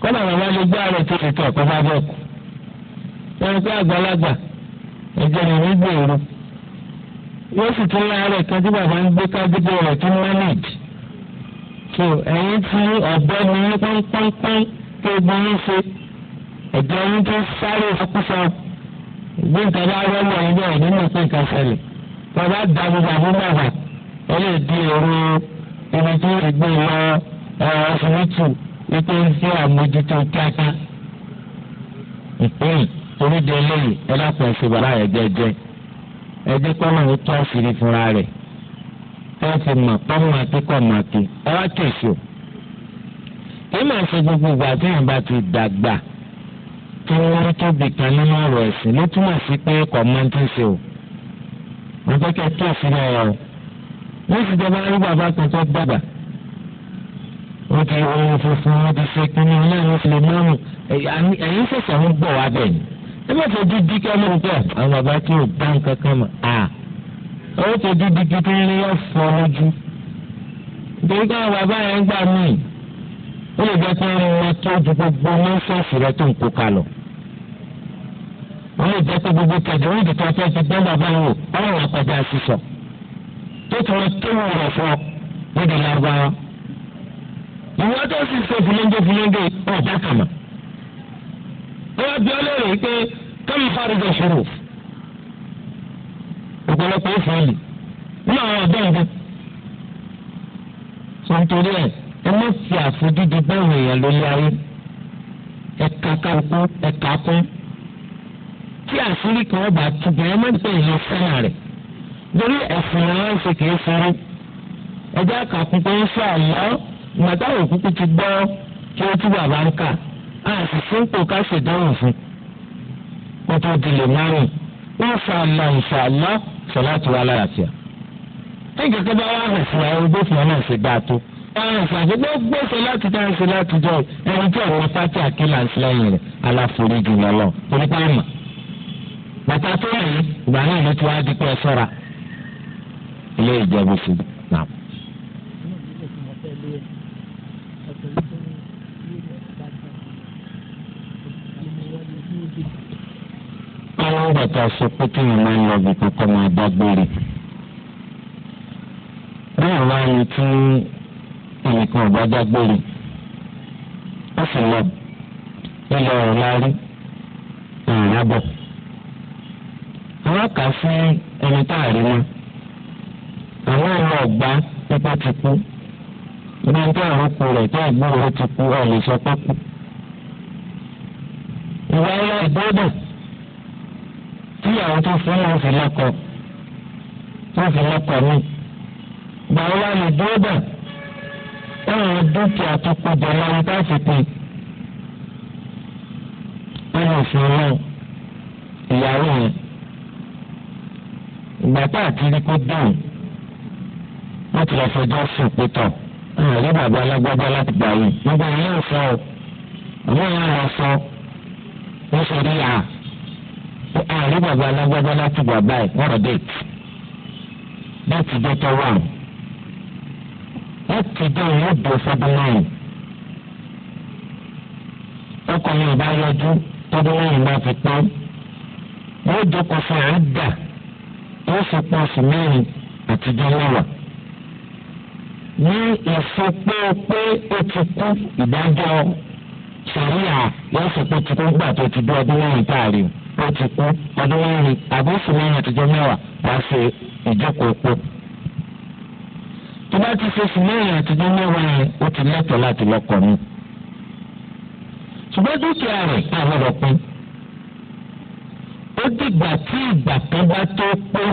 kọ́nà bàbá lè gbé àrùn tó fi tọ̀ kó bá bẹ̀ kú. wọ́n gbé àgbàlagbà ẹ̀jẹ̀ rẹ̀ ní gbèrú. yóò sì tún láàárẹ̀ kan tí bàbá ń gbé kájúgbò rẹ̀ tó mẹ́nẹ̀jì. tó ẹ̀yìn tí ọ̀bẹ mi ní pọ́npọ́npọ́n tó ebi yín ṣe ẹ̀jẹ̀ yín tó sáré ìfọkúsọ gbé nǹkan bá rọ́ọ̀mù ó lè di èrò ibi tí wọ́n gbé lọ ọ̀ṣunwítù wípé ń ṣe àmójútó kíákíá. ìpín torí de eléyìí ẹ dákun ẹ ṣe bàrà yẹn jẹjẹ ẹ jẹ pọ́nmọ́ ní tó àṣírí fúnra rẹ̀ tẹ́ fi mọ̀ pọ́nmọ́ akẹ́kọ̀ọ́ mọ̀ àti ẹ wá kèsì o. kí màá ṣe gbogbo ìgbà tí yẹn bá ti dàgbà tí wọ́n tóbi kan nínú ọ̀rọ̀ ẹ̀sìn ló túmọ̀ sí pé kọ̀ mọ́ ti ń ṣe o. mo fẹ́ kẹ́ tó àṣírí ọ̀rọ̀ wọ́n sì jọba rí bàbá kan tó dàgbà wọ́n ti ohun funfun wọ́n ti ṣe kínní ọlọ́run fi lè mọ́mù ẹ̀yìn sẹ̀sẹ̀ ń bọ̀ wá bẹ̀ ni ẹ bá fẹ́ dídí kí ọlọ́run pẹ̀ àwọn bàbá tí ò bá nǹkan kan mọ̀ à owó tó dídí kí tó ń rí ọ̀fọ̀ lójú nítorí káwọn bàbá yẹn ń gbà míì ó lè jẹ́ pé wọ́n tó ju gbogbo nọ́ọ̀sẹ̀sì rẹ tó ń kó kalọ̀ wọ́n lè jẹ́ pé gbogbo kẹ̀dẹ̀ wọ́n ti tọ́ tó tún kéwù rẹ̀ fún ọ níbi lárúbáwá. ìwọ́n tó sì ṣe fúlẹ́ńdé fúlẹ́ńdé ọ̀dà kàmá. wọ́n bí ọlọ́rẹ̀ pé kẹ́mi fárígà ṣòro. ọ̀pọ̀lọpọ̀ ìfọ̀ọ́lì nínú àwọn ọ̀dọ́ ìdí. sọ nítorí ẹ̀ ẹ má fi àfojúdi báwọn èèyàn lórí ayé ẹ̀ka kankun ẹ̀ka kún tí àṣírí kan ọba àtúgbò ẹ má bẹ̀rẹ̀ lọ fẹ́ràn rẹ̀ torí ẹ̀sìn ni wọ́n ń ṣe kìí furu ẹjẹ́ àkàkùn pé ń fẹ́ àyà ìgbàdá òkúkú ti gbọ́ kí ó túbọ̀ bá ń kà á sì sípò ká ṣèdánwò fún kó tó di lè márùn wọ́n fa àlọ́ ìfà àlọ́ sọ̀lá tó wà lálàáfíà. ní kẹ̀kẹ́ bá wà hàn fún àwọn ọgbẹ́ fún náà ṣe dáa tó wọ́n fà gbogbo gbèsè láti dá ẹsẹ̀ láti jọ ẹni tí àwọn pátí àkílà ń sílẹ̀yìn rẹ̀ aláforíjì lọ́lọ́ onípa àmà bàtà tó wà yìí ìgbà náà ló ti wá dípẹ́ sọ́ra ilé ìjọba fún náà. àwọn bàtà sọ pé kí wọn máa ń lọ bí kókó máa dágbére bẹ́ẹ̀ wá ní tí ẹnìkan ọba dágbére ó sì lọ ilé ọ̀rọ̀ lárí ìrìn àbọ̀. àwọn kà fún ẹni tá a rí náà ọ̀gbá pípa ti kú ibi tí àrùkù rẹ̀ tó ìgbóhùn rẹ̀ ti kú ọ̀ lè sọ pé kú. ìwà ilé ìgbọ́dọ̀ tí àwọn tó fún wọn fi lọ́kọ wọn fi lọ́kọ mi gbà wá lè dúró ẹ̀yìn dúkìá tó kọjá lọ́wọ́ bá fi pè é wọ́n fi rán ìyàwó yẹn ìgbà tá àti rí kó dáhùn láti lọ fẹjọ́ sùn pé tọ̀ ẹ rí bàbá alágbádá láti gbà yìí gbogbo ìyá ọ̀sọ́ ọ̀gbọ́n ìyá ọ̀sọ́ wọ́n sọ rí à ẹ rí bàbá alágbádá láti gbà báyìí wọ́n rọ̀ déètì láti jẹ́ tọ́wọ́ àwọn láti jẹ́ ìyá ìbò fọdún márùn-ún ọkọ̀ yẹn bá yọjú tọdún márùn-ún fi pọ́n wọ́n jókòó fún àádà wọ́n fi pọ́n fún mẹ́rin àtijọ́ lọ́wọ́ ní ìfipé pé ó ti kú ìdájọ́ sàríà yóò sọ pé ti kú gbà tó ti dé ọdún mẹ́rin táàrí ó ti kú ọdún mẹ́rin àbí oṣù mẹ́rin àtijọ́ mẹ́wàá wá ṣe ìjókòó pọ̀. tó bá ti ṣe oṣù mẹ́rin àtijọ́ mẹ́wàá yẹn ó ti lẹ́tọ̀ọ́ láti lọ́kọ mi. ṣùgbọ́n dúkìá rẹ̀ àwọn ọ̀pẹ ó dìgbà tí ìgbà kan bá tó pé.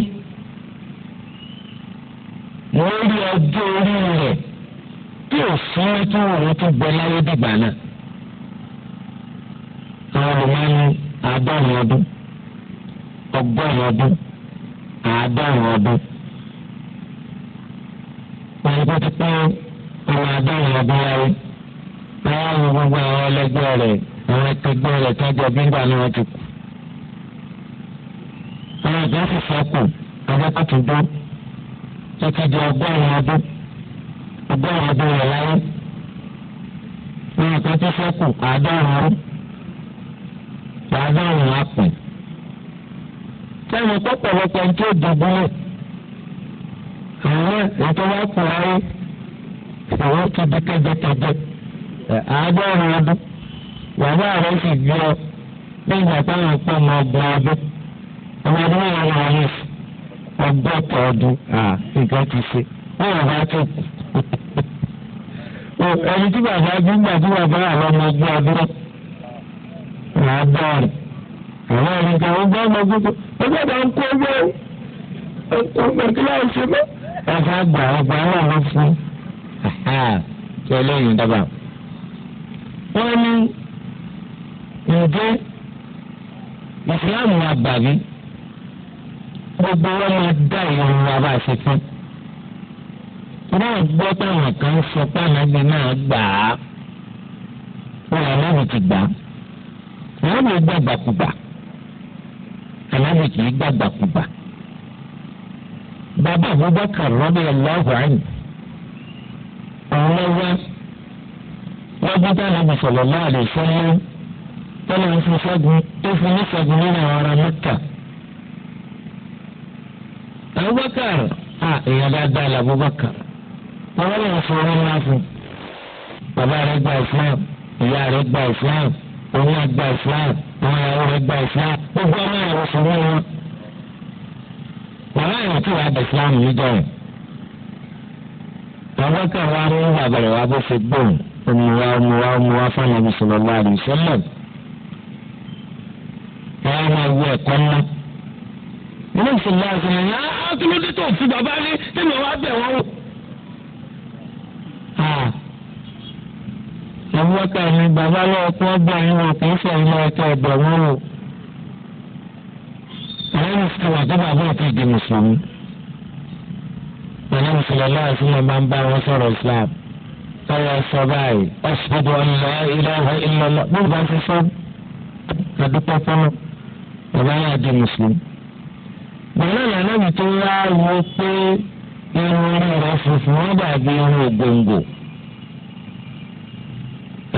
lórí ọjọ́ orí rẹ̀ tí òfin tó wọ́n tó gbọ́ láyé dìgbà náà. àwọn olùmọ̀ọ́nì àádọ́rin ọdún ọgọ́rin ọdún àádọ́rin ọdún. wọ́n ti ti pé ọmọ àádọ́rin ọdún láyé gbogbo àwọn rẹ̀ àwọn rẹ̀ tọ́jú títí di ọgọ́rùn-ún ọdún ọgọ́rùn-ún ọdún rẹ̀ láyé lórí kan tó fẹ́kù àádọ́rùn-ún àádọ́rùn-ún àpè. sẹ́yìn pọ̀pọ̀lọpọ̀ ní tí ó dùbúlẹ̀ àwọn ètò wa kù láyé ìwé ti di kẹ́jẹkẹ́jẹ àádọ́rùn-ún ọdún bàbá rẹ̀ sì gbé ọ lẹ́yìn àtàwọn ọ̀pọ̀ ọmọ ọgbọ̀n ọdún ọmọ ọdún mẹ́rin ọ̀hún ọgọ́ta ọdún nǹkan ti ṣe wọn ò bá tó kù. ẹni tí bàbá gbígbà tí bàbá rà lọ́mọ ọgbọ́n ọdún rà á bá rẹ̀ àwọn ènìyàn wọn gbọ́ ọmọ gbogbo ọjọ́ ìgbà ń kó ọgbẹ́ ọmọ kíláàsì ṣe mọ́. ẹ̀fọ́ àgbà ọgbà wà lọ fún tí ẹlẹ́yìn dábàá. wọ́n ní ǹjẹ́ ìsìláàmù àgbà bíi gbogbo wọn máa dá ìrìn wa bá a ṣe fún. Ìdáhùn gbọ́ táwọn kan ń sọ pàmòbí náà gbà á. Wọ́n ànábì ti gbà á. Ànábì gbàgbàkùgbà. Ànábì kì í gbàgbàkùgbà. Bàbá Abubakar radiyallahu anhu. Àwọn ọlọ́wọ́ lọ́dún táwọn ọmọ sọ̀rọ̀ náà lè fọ́ Tọ́lá ń fi ṣẹ́gun tó fi ní ṣẹ́gun nínú àwọn ará Mẹ́kà. Abubakar a ah, èèyàn bá dá ilà Abubakar bàbá rẹ̀ fún orí ńlá fún bàbá rẹ̀ gba Islam ìyá rẹ̀ gba Islam òun náà gba Islam àwọn ìyàwó rẹ̀ gba Islam gbogbo ọmọ rẹ̀ fún orí wọn. bàbá rẹ̀ tí wàá gba Islam yìí dọ̀rùn Abubakar wa mú bàbá rẹ̀ wá bó fi gbóhùn omuwa omuwa omuwa fún Ànábì sallallahu alaihi wasallam ẹ máa wú ẹ̀kọ́ ńlá. ilé ìsìnlẹ̀ àṣẹ wá kí ló dé tó fi bàbá rí tèmi wá bẹ̀ wọ́n wò. àbúrò mi bàbá lọ́wọ́ kí wọ́n bọ̀ yín wò kì í fẹ́ yín lọ́wọ́ kí ọ̀bẹ̀ wọ́n wò. àwọn mùsùlùmí wà tó bàbá òkè di mùsùlùmí. àwọn mùsùlùmí lọ́wọ́ sí ló máa ń bá wọn sọ̀rọ̀ Islam. ọ̀rọ̀ sọ báyìí ọ̀sibọ̀dọ̀ ọ̀nà ìlànà ìlànà bó bá ti sọ adúpọ̀ pọ́nà bàbá yà di mùsùlùmí pẹ̀lú ìlànà tó wá wo pé irun rẹ̀ funfun wọn dàbí irun ògòǹgò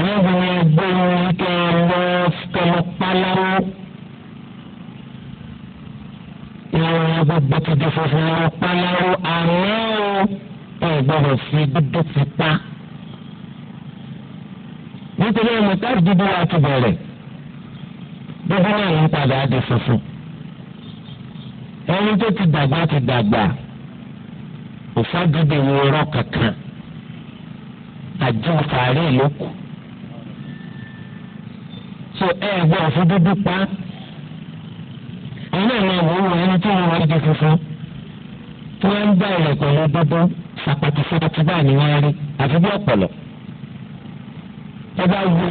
ọlọ́run ẹgbẹ́ wọn kẹ́ lọ kẹ́lọ́ páláwó irun rẹ̀ gbogbo ti di funfun lọ páláwó àmọ́ ẹ gbọ́dọ̀ fi dúdú ti pa nítorí ẹ̀mí ká dúdú wa ti bẹ̀rẹ̀ dúdú náà ń padà di funfun ẹni tó ti dàgbà ti dàgbà kò fagídé wúrọ kankan àjọ sàárè ló kù so ẹ ẹ gbọ́ fún dúdú pa ẹni ẹ̀ máa wò ó ẹni tó ń wọ́n di tí wọ́n ń bá ẹ̀rẹ̀ pẹ̀lú dúdú sàpàtì sàpàtì báà ni wọ́n rí àfi bí ọ̀pọ̀lọ̀ ẹ bá wú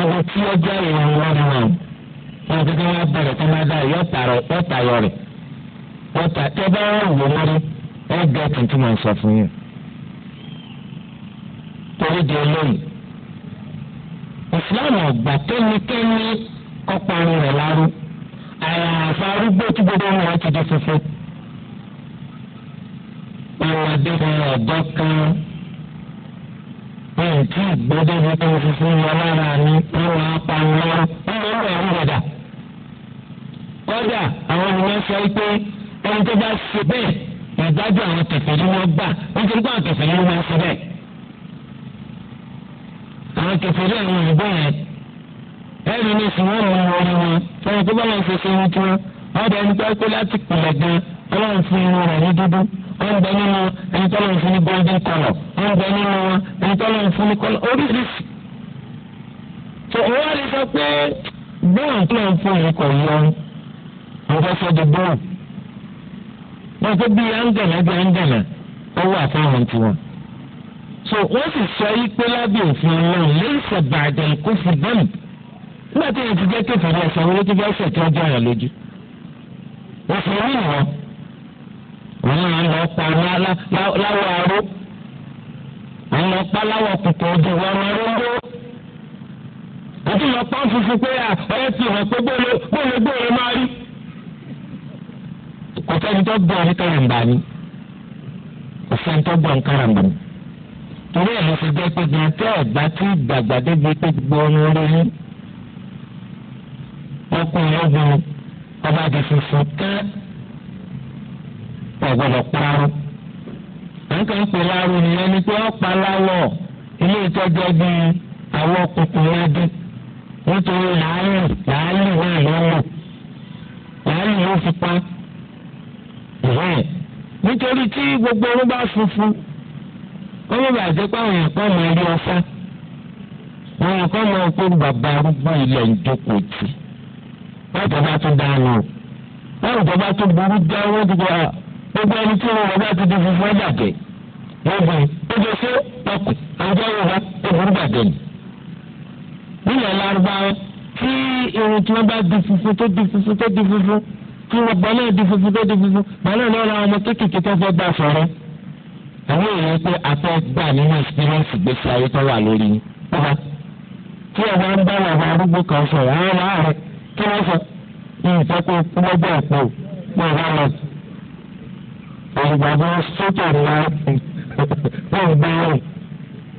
ọ̀rọ̀ tí ọjọ́ ìrìn wọn rí wọn wọn kí wọ́n bẹ̀rẹ̀ tí wọ́n dá yọ̀ọ̀tà yọ̀ rẹ̀ ọ̀tà tẹ́ bá wò lórí ẹ gẹ tuntun máa sọ fún yín torí di olóyìn ìsìláàmù ọgbà tẹ́nikẹ́ni kọ́pa ọrùn rẹ̀ lárú àyàfà arúgbó tí gbogbo wọn ti di funfun ọmọdé kan ọ̀dọ́ kan wọn tí gbọ́dọ̀ bí tó funfun lọ lára ni wọn wàá pa wọn wọn lọ ń gbọ́dọ̀ kódà àwọn ọmọ sọ pé ẹni tó bá ṣe bẹ́ẹ̀ ìdájọ́ àwọn kèfèrí wọn gbà wọ́n ti rí pé àwọn kèfèrí wọn máa ṣe bẹ́ẹ̀. àwọn kèfèrí àwọn òyìnbó yẹn ẹ̀rí ní sùn wọ́n mọ orí wọn ẹni tó bá wọn ṣe ṣe wọn tí wọn ọ̀dọ̀ ẹni tó pé láti pìlẹ̀ gan ọlọ́run fún irun rẹ̀ ní dúdú wọ́n bẹ nínú ẹni tó lọ́run fún ní golden colour wọ́n bẹ nínú ẹni tó lọ́run fún ní colour oríṣiríṣi. tó òun wá lè sọ pé bóun tó lọ́run fún òun kò yọ ọ́n sọ́dọ̀ bóun wọ́n tó bí ángànà bí ángànà ọwọ́ àfọwọ́n tiwọn. so wọ́n sì sọ yí pé lábẹ́ òfin ọlọ́run lẹ́yìn sàbàdà kó fi dẹ́nu nígbà tí èyí ti jẹ́ kékeré ẹ̀sán wọn ló ti bá ṣẹ̀ tí wọ́n jẹ́ àyàn lójú. òfin rí wọn wọn náà lọ pa láwọ aró wọn lọ pa láwọ kòkò ojú wọn wọn rúndó àti lọ pa funfun pé ọyẹ ti hàn pé bóòlù bóòlù máa rí kò sẹ́ni tó gbọ́ ní káràmbà ni kò sẹ́ni tó gbọ́ ní káràmbà ni torí ẹ̀ ló fi jẹ́ pé gan tẹ́ ẹ̀gbá tí ìgbàgbà débi pé gbóòórùn orí yín ọkùnrin ọgbọ̀n ọba di funfun tẹ́ ọ̀gbọ̀dọ̀ parun nǹkan ń pè láàrú nìyẹn ni pé ọ̀pá láwọ̀ ilé ìtọ́jú bíi àwọn ọkùnkùn yẹn dín nítorí làálì làálì náà lọ́wọ́ làálì ló fi pa nítorí tí gbogbo orun bá funfun wọ́n mú bàjẹ́ pé àwọn èèyàn kan mọ ilé ọfá àwọn èèyàn kan mọ pé bàbá arúgbó ilẹ̀ ń jókòó tì láti ọba tó dáná o láti ọba tó burú já owó dìbò gbogbo ẹni tí wọn bá ti di funfun ọjà jẹ lóbi lójó sí ọkùn àwùjọ yorùbá tó burú bàjẹ́ ni. nílẹ̀ lárúbáwá tí irun tí wọ́n bá di funfun tó di funfun tó di funfun kí gbogbo náà di funfun tó di funfun bàálù náà lọ́wọ́ ọmọ kéékèèké tó fẹ́ gbà fọ́rọ́. àwọn èèyàn pé afẹ́ gbà nínú experience gbèsè ayé tó wà lórí yín. tí ọba ń bá wàhálà arúgbó kan sọ àwọn ọmọ rẹ kí wọ́n sọ nǹkan kó gbọ́dọ̀ pò pò rárá. olùgbàgbọ́ sókè ńlá ń [LAUGHS] gbé wọn.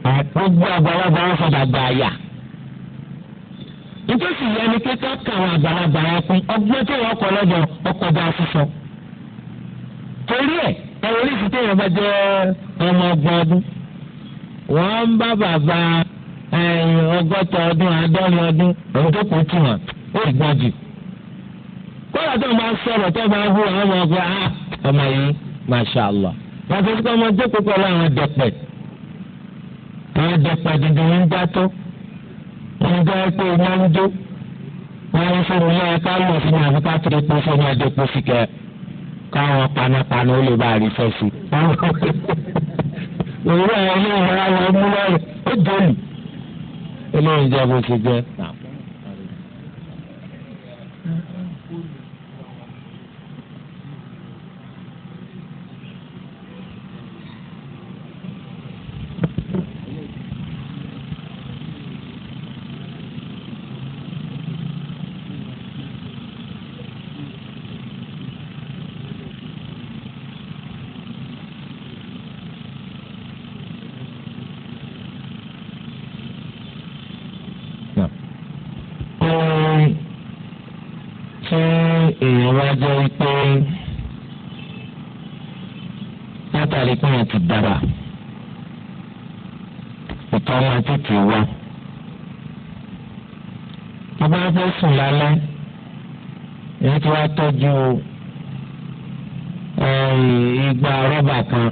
àti gbogbo àgbàlagbà wọn fọdà gbà yà. nítòsí yẹn ni pé ká gbara àwọn àgbàlagbà yẹn fún ọgbọ́n tó wọ́n kọ́ lọ́dọ̀ ọkọ̀ bá sísọ. torí ẹ̀ ẹ̀rọ yẹn ọmọ ọdún wọ́n ń bá bàbá ọgọ́ta ọdún àádọ́rin ọdún ọ̀hún tó kù tù wọ́n ó jù. kọ́lá tó sọ̀rọ̀ tó hu àwọn ọmọ ọgbà ah, masha allah. wọ́n sọ́kọ́ nígbà pé o máa ń jó wọn ń fún mi náà ká lò fún mi àbí ká tẹ̀lé pé fún mi àdé pé fi kẹ káwọn panápaná ó lè bá a rí fẹ́ sí i. òwúrọ̀ àwọn ilé ìwé àwọn ọmọ rẹ̀ ó dòlù. eléyìí jẹ́ bó ṣe jẹ́ jẹ́ wípé látàrí pé wọ́n ti dára ìtọ́ máa tètè wá. tó bá fẹ́ sùn lálẹ́ èyí tí wàá tọ́jú igba rọ́bà kan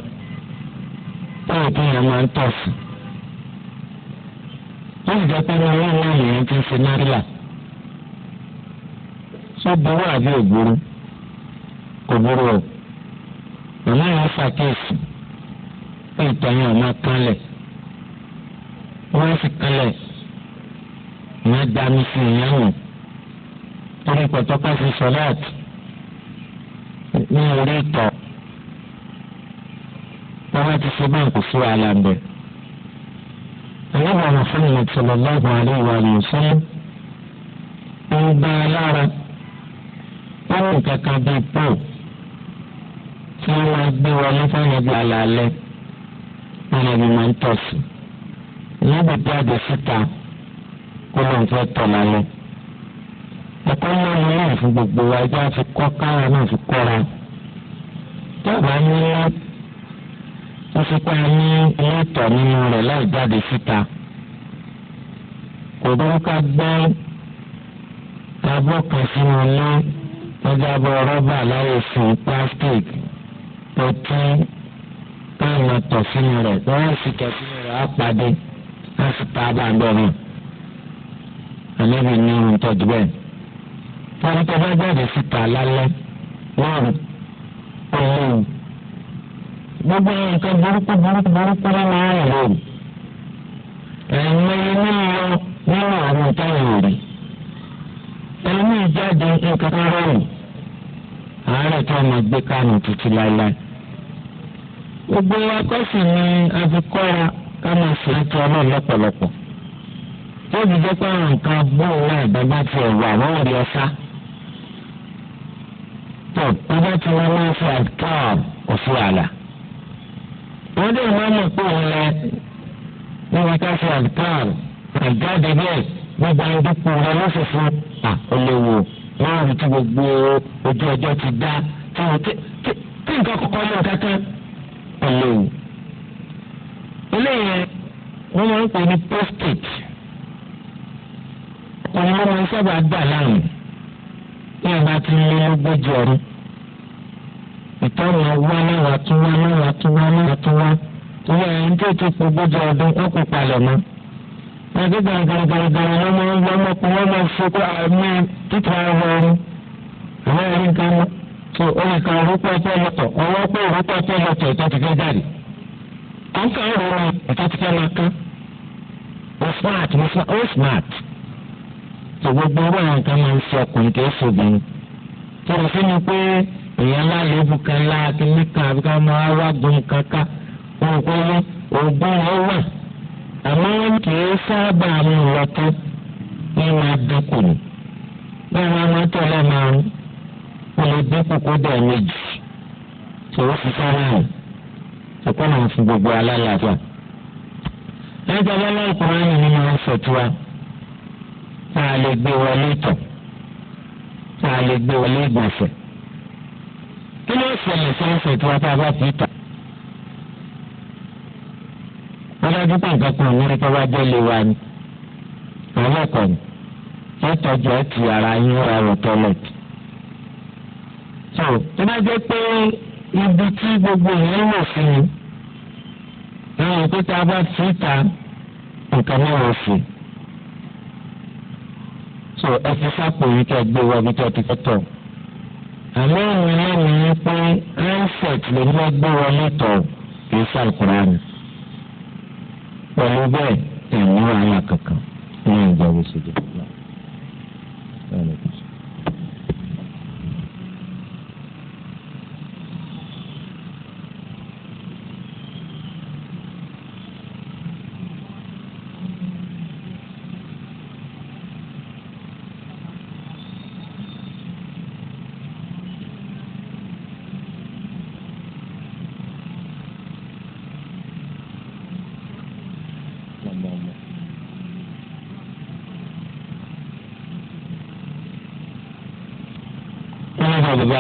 táwọn tó yẹn máa ń tọ̀ sí. ó sì jẹ́ pé ní ọlọ́run náà lèyàn ti ń ṣe náírà. sọ́bùrú àbí ògbóró kò burú o màmá yẹn ṣàkíyèsí pé ìtàn yẹn ọmọ kanlẹ̀ wọ́n sì kanlẹ̀ ìyẹn dání sí ìyẹn nù torí pẹ̀tọ́pẹ́ sí sọ́láàtì ní orí ìtọ̀ wọ́n ti ṣe báyìí kò sí wàhálà ń bẹ̀. Àlọ́bà Mùsùlùmí sallallahu alaihi wa sallam ń gba alára wọ́n ní kankan bíi pọ́ọ̀ wọn máa gbé wọlé fáwọn alalẹ wọn bí máa ń tọ̀sí níbi jáde síta kó lóun fẹ́ tọ̀ lálẹ́ ẹ̀kọ́ ńlá ni wọn fún gbogbo wa ẹjọ́ àti kọ́ káwa náà fi kọ́ra tọ́ba nílá ó fi pa ní ilé tọ̀ nínú rẹ̀ láì jáde síta kò bá ká gbọ́ abọ́ kan sínú ilé ọjà bọ́ rọ́bà láyé fún plastic pé kí táwọn tọ̀ sínú rẹ̀ tí wọ́n sì tọ̀ sínú rẹ̀ á pàdé á sì ta àbàgbọ̀ náà. àlẹ́bí ní ohun tọ́jú bẹ́ẹ̀. wọ́n tó bá jáde síta lálẹ́ lọ́rùn ọlọ́run. gbogbo nǹkan burúkú burúkú burúkú ló máa ń lò. ẹ̀ẹ́mẹ́rin náà lọ nínú àwọn táwọn rí. ẹ̀ẹ́mẹ́rin jáde nǹkan kan rọrùn. àárẹ̀ tó máa gbé kánú títí láéláé gbogbo wa ni a fi kọ́ra ká máa fi ń tọ́ náà lọ́pọ̀lọpọ̀ yóò fi jẹ́ pé àwọn nǹkan bóun náà ìdọ́gba ti ẹ̀wọ̀ àwọn òde ọ̀sá tó ọjọ́ tí wọ́n máa fi àdúrà òfin àlà wọ́n dé ìmọ̀ mọ̀ pé òun rẹ ní wọ́n ká fi àdúrà àjáde bẹ́ẹ̀ gbogbo àwọn dúpọ̀ rẹ lọ́sọ̀fọ̀ à olówó wọ́n rí ti gbogbo ojú ọjọ́ ti dá tí nǹkan kọ̀ọ̀kan yóò kẹ́kẹ́. ọlọ́wù. eléyìí wọ́n máa ń pè ní post-it ọ̀nà máa ń sábà dà láàmú ní ọba tí ń lé lógójì ọdún. ìtọ́nà wá náà tún wá náà tún wá náà tó o lè ka orúkọ ẹfẹ lọtọ ọwọ pé orúkọ ẹfẹ lọtọ ẹjọ ti fẹ jáde à ń kà ń rọra ẹjọ ti fẹ máa kán o smart o smart o smart tó gbogbo kan máa ń fi ọkùnrin tó fi ni pé èèyàn kan níkan àbí ká máa wá gun kankan kó lè dínkù kó dẹ̀ méjì ṣòro fi sára rẹ̀ ṣùkọ́ náà fún gbogbo alálàáfíà. lẹ́jọ́ lọ́lá ìkùránì ni máa ń fẹ̀tura tá a lè gbé wọlé tọ̀ tá a lè gbé wọlé ìgbọ̀nsẹ̀. kí ló ṣẹlẹ̀ sí ìfẹ̀tura tá a bá fi tà? adájú pé nǹkan kan ní ẹgbẹ́ wá jẹ́ lé wa ni àwọn ọkọ̀ ni ẹ tọ́jú ẹ ti ara yín ra rò tọ́lẹ̀tì so tó bá jẹ́ pé ibi tí gbogbo yẹn wò fún mi lẹ́yìn pé tá a bá fi ta nǹkan náà wò fún so ẹ fi sápò yìí kí ẹ gbé wọ ibi tí ẹ ti fẹ́ tọ̀ àmọ́ ìrìn lẹ́nu yín pé rẹ́ńsẹ̀t lè ní ẹgbẹ́ wọlé tọ̀ kì í sàkúránì pẹ̀lú bẹ́ẹ̀ ẹ̀yìn wàhálà kankan ní ìjọba ìṣèjọba.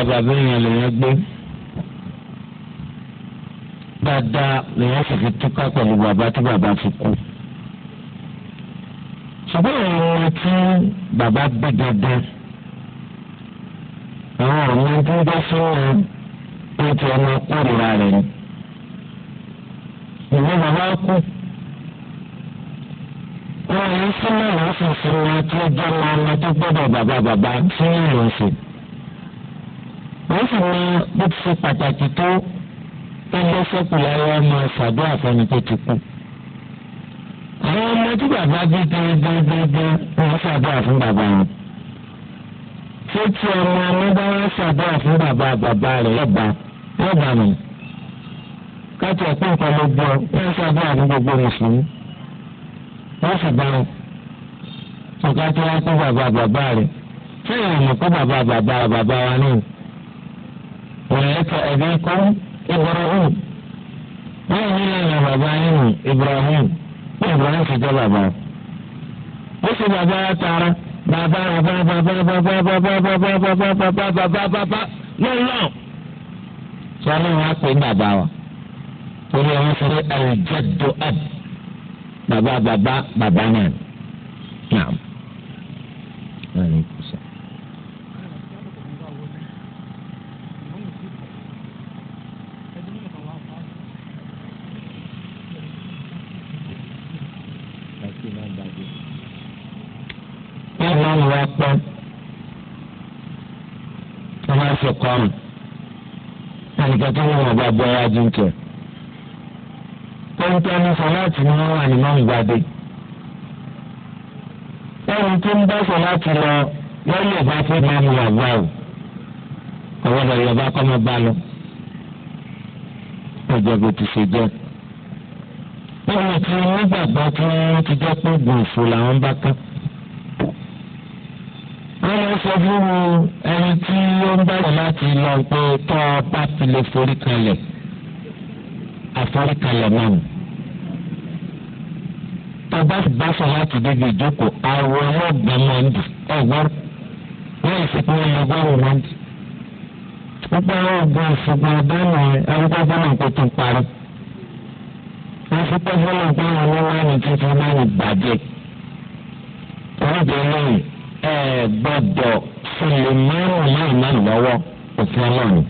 dáadáa bàbá èèyàn lèèyàn gbé dáadáa lèèyàn sì fi túká pẹ̀lú bàbá tí bàbá fi kú. ṣùgbọ́n àwọn ọmọ tí bàbá bí dáadáa àwọn ọmọ tí ń bá sọ́nà tó ti ọmọ kórìíra rẹ̀ ni. ìwé bàbá kú wọn yìí sọ́nà lọ́sọ̀ọ̀sẹ̀ wọn tó jẹ́ ọmọ tó gbọ́dọ̀ bàbá bàbá tí ń wọ́n sì mọ bó ti ṣe pàtàkì tó ẹgbẹ́ sẹ́kù láyé wọn máa ṣàdúrà fẹ́ni tó ti kú. àwọn ọmọ tí bàbá bí gbẹ́gbẹ́gbẹ́ wọ́n ṣàdúrà fún bàbá wọn. ṣé tí ọmọ ọmọdé wọn ṣàdúrà fún bàbá bàbá rẹ̀ lọ́ba lọ́ba mi? káàtì ọ̀pọ̀ nǹkan ló gbọ́ wọ́n ṣàdúrà fún gbogbo mùsùlùmí. wọ́n sì bá wọn. ọ̀gá tí wọ́n kó bàbá bàbá rẹ̀ ṣé ìrìn àmọ̀kọ́ bàbá bàbá bàbá wa náà? millata abikum ibrahim bẹ́ẹ̀ ni lẹ́yìn bàbá yín ibrahim ní ibrahim ti jẹ́ bàbá ó sì bàbá tara bàbá bàbá bàbá bàbá bàbá bàbá bàbá bàbá bàbá bàbá lọ́lọ́ sọlá wọn á pè ní bàbá wa torí wọn fi aljaddu ab bàbá bàbá bàbá náà. nígbà tó wọn bá bọ iwájú ń tẹ pẹ́ńpẹ́ńí sọláàtì ni wọ́n wà ní mọ́ǹgbàdé ẹni tó ń bá sọláàtì lọ lọ́yìn ẹ̀bá tó bá mi wà bá o ọ̀wọ́dọ̀ yọba kọ́ mọ́ bá lọ ọjọ́ bó ti ṣe jẹ́ wọ́n ti nígbàgbọ́ tí wọ́n ti jẹ́ pé gbòòfò làwọn bá kán sọ fún ẹni tí ó ń bẹ̀rẹ̀ láti lọ pé tọ́ ọ bá ti lè forí kalẹ̀ àforíkalẹ̀ náà tọba bá sọ láti débi ìjókòó àwọn ọlọ́gbọ̀n máa ń dì ọgbọ́n wọ́n ìsìnkú wọn lọ gbọ́rọ̀ máa ń dì. gbogbo àwọn ọgbọ́n ìsìnkú ọgbọ́n ẹgbẹ́ bọ́lá kò tún parí. wọ́n fi pẹ́ bọ́lá gbọ́rọ̀ ní wọ́n ní tuntun náà ní bàjẹ́. wọ́n jẹ́ lẹ́yìn ẹ gbọ́dọ̀ sílẹ̀ márùn márùn márùn lọ́wọ́ òfin Ọlọ́run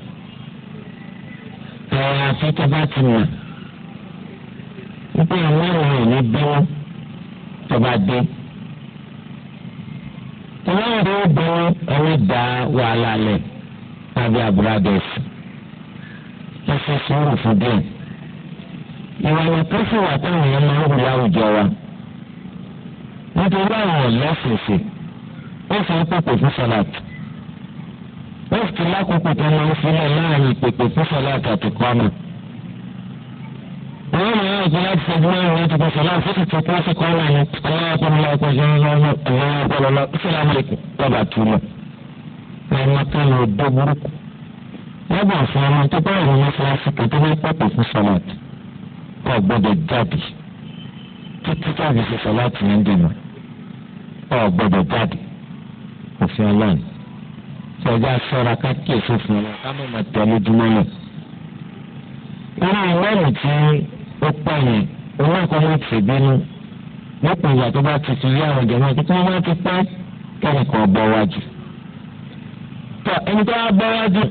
àyàfi tó bá ti nà wípé Ọlọ́run rẹ ní bínú tó bá dé Ọlọ́run rẹ bínú ẹni dá wàhálà lẹ tàbí àbúradẹsì ẹsẹ sọ̀rọ̀ fún díẹ̀ ìwàlẹ̀ tó wà táwọn yẹn máa ń wù láwùjọ wa nítorí àwọn ọ̀lẹ́sẹ̀sẹ̀ wọ́n fi pèpè fún sọ́láàtì wọ́n fi lákòókò tó máa ń filẹ̀ láàrin pèpè fún sọ́láàtì àti pàmò. wọ́n mọ̀ náà ìpínlẹ̀ ti sẹ́gun mẹ́rin láti pè sọ́láàtì ó sì ti pé ó sì kọ́ ọ́ lẹ́nu ọlọ́wọ́ pẹ̀lú ọkọ̀ ṣe ń lọ́wọ́ ọlọ́wọ́ pẹ̀lú ọlọ́wọ́ sílámù lẹ́kùn lọ́ba túmọ̀ ẹ̀ma tó lọ dé burúkú lọ́gbà fún ọmọ tó bá ìrìn mọ́ṣáláṣí kan tó bá pàpọ̀ fún sọ́láàtì kọ́ gbọ́dọ̀ jáde títí táàbì ṣe sọ́láàtì ní dènà kọ́ gbọ́dọ̀ jáde òfin ọlọ́run sọjá sọra ká kí èso fún ọ ká má má tẹ lójúmọ́ lọ. irú ìmọ̀lù tí ó pọ̀ yẹn òun náà kọ́ mọ́ tìbínú lọ́pọ̀ ìgbà tó bá ti fi rí àwọn jẹ̀mọ́ tó wọ́n bá ti pẹ́ kẹ́ni kan bọ́ wájú. tọ ẹni tó wá bọ́ wájú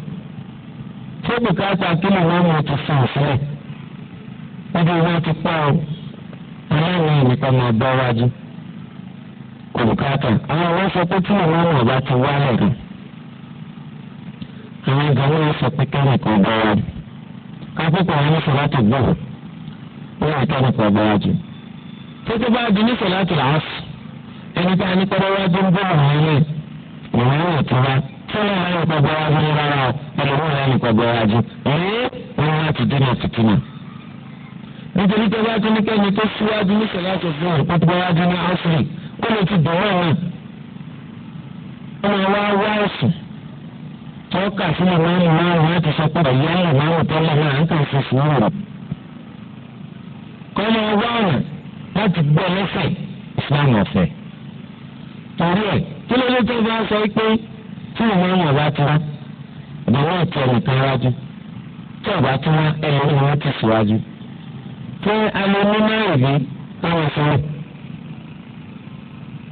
tí ó bùkátà kí ló wọ́n mọ̀ ti fún òfúrẹ́ wọ́n bí wọ́n ti pọ̀ ọ́ ọlọ́run nìkan kò bùkátà àwọn wọn sọ pé tí ìmọ̀ náà bá ti wálẹ̀ rẹ̀ àwọn ìgbà wọn sọ pé kẹ́nìkan bá wà jù kápẹ́kọ̀ wọn ní sọ̀láàtì gbọ̀ wọn ní kẹ́nìkan bá wà jù títí bá di ní sọ̀láàtì làásù ẹni tí a ní pẹ́rẹ́ wájú ń bọ̀ wọn ní ìwọ̀n yóò tó wá tí wọn náà yóò gbọ́ wájú ní rárá o ẹlòmíràn náà yóò gbọ́ wájú ẹ̀ẹ́ wọn láti dín náà fìtínà nítorí tó bá tún ní kẹ́ni tó síwájú ní sọ̀láàtì fún ọ̀ ó lè ti dùn náà náà ó máa wá wá ẹ̀sùn tó kà sílẹ̀ máàlù máàlù láti sọ pé ọ̀yá ẹ̀ máàlù tẹ́lẹ̀ náà ń kà sí sùúrù rẹ̀. kọ́ máa wá ọ̀nà láti gbọ́ lẹ́sẹ̀ islam ọ̀fẹ́. torí ẹ̀ kí ló ló tó bá sọ pé tí ìmáàmù ọba ti wá ọ̀dọ̀ náà ti ẹnì kan wájú tí ọba ti wá ẹnì kan wá ti síwájú. pé alẹ́ ní mẹ́rin bí sọ̀rọ̀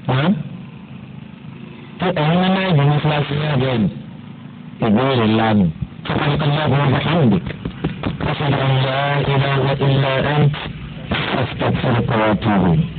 hàn tó ẹ̀yin ní máa yìí mọ́sálásí ní abẹ́ mi ìbéèrè lánàá فقد الله وبحمدك أشهد أن لا إله إلا أنت أستغفرك وأتوب إليك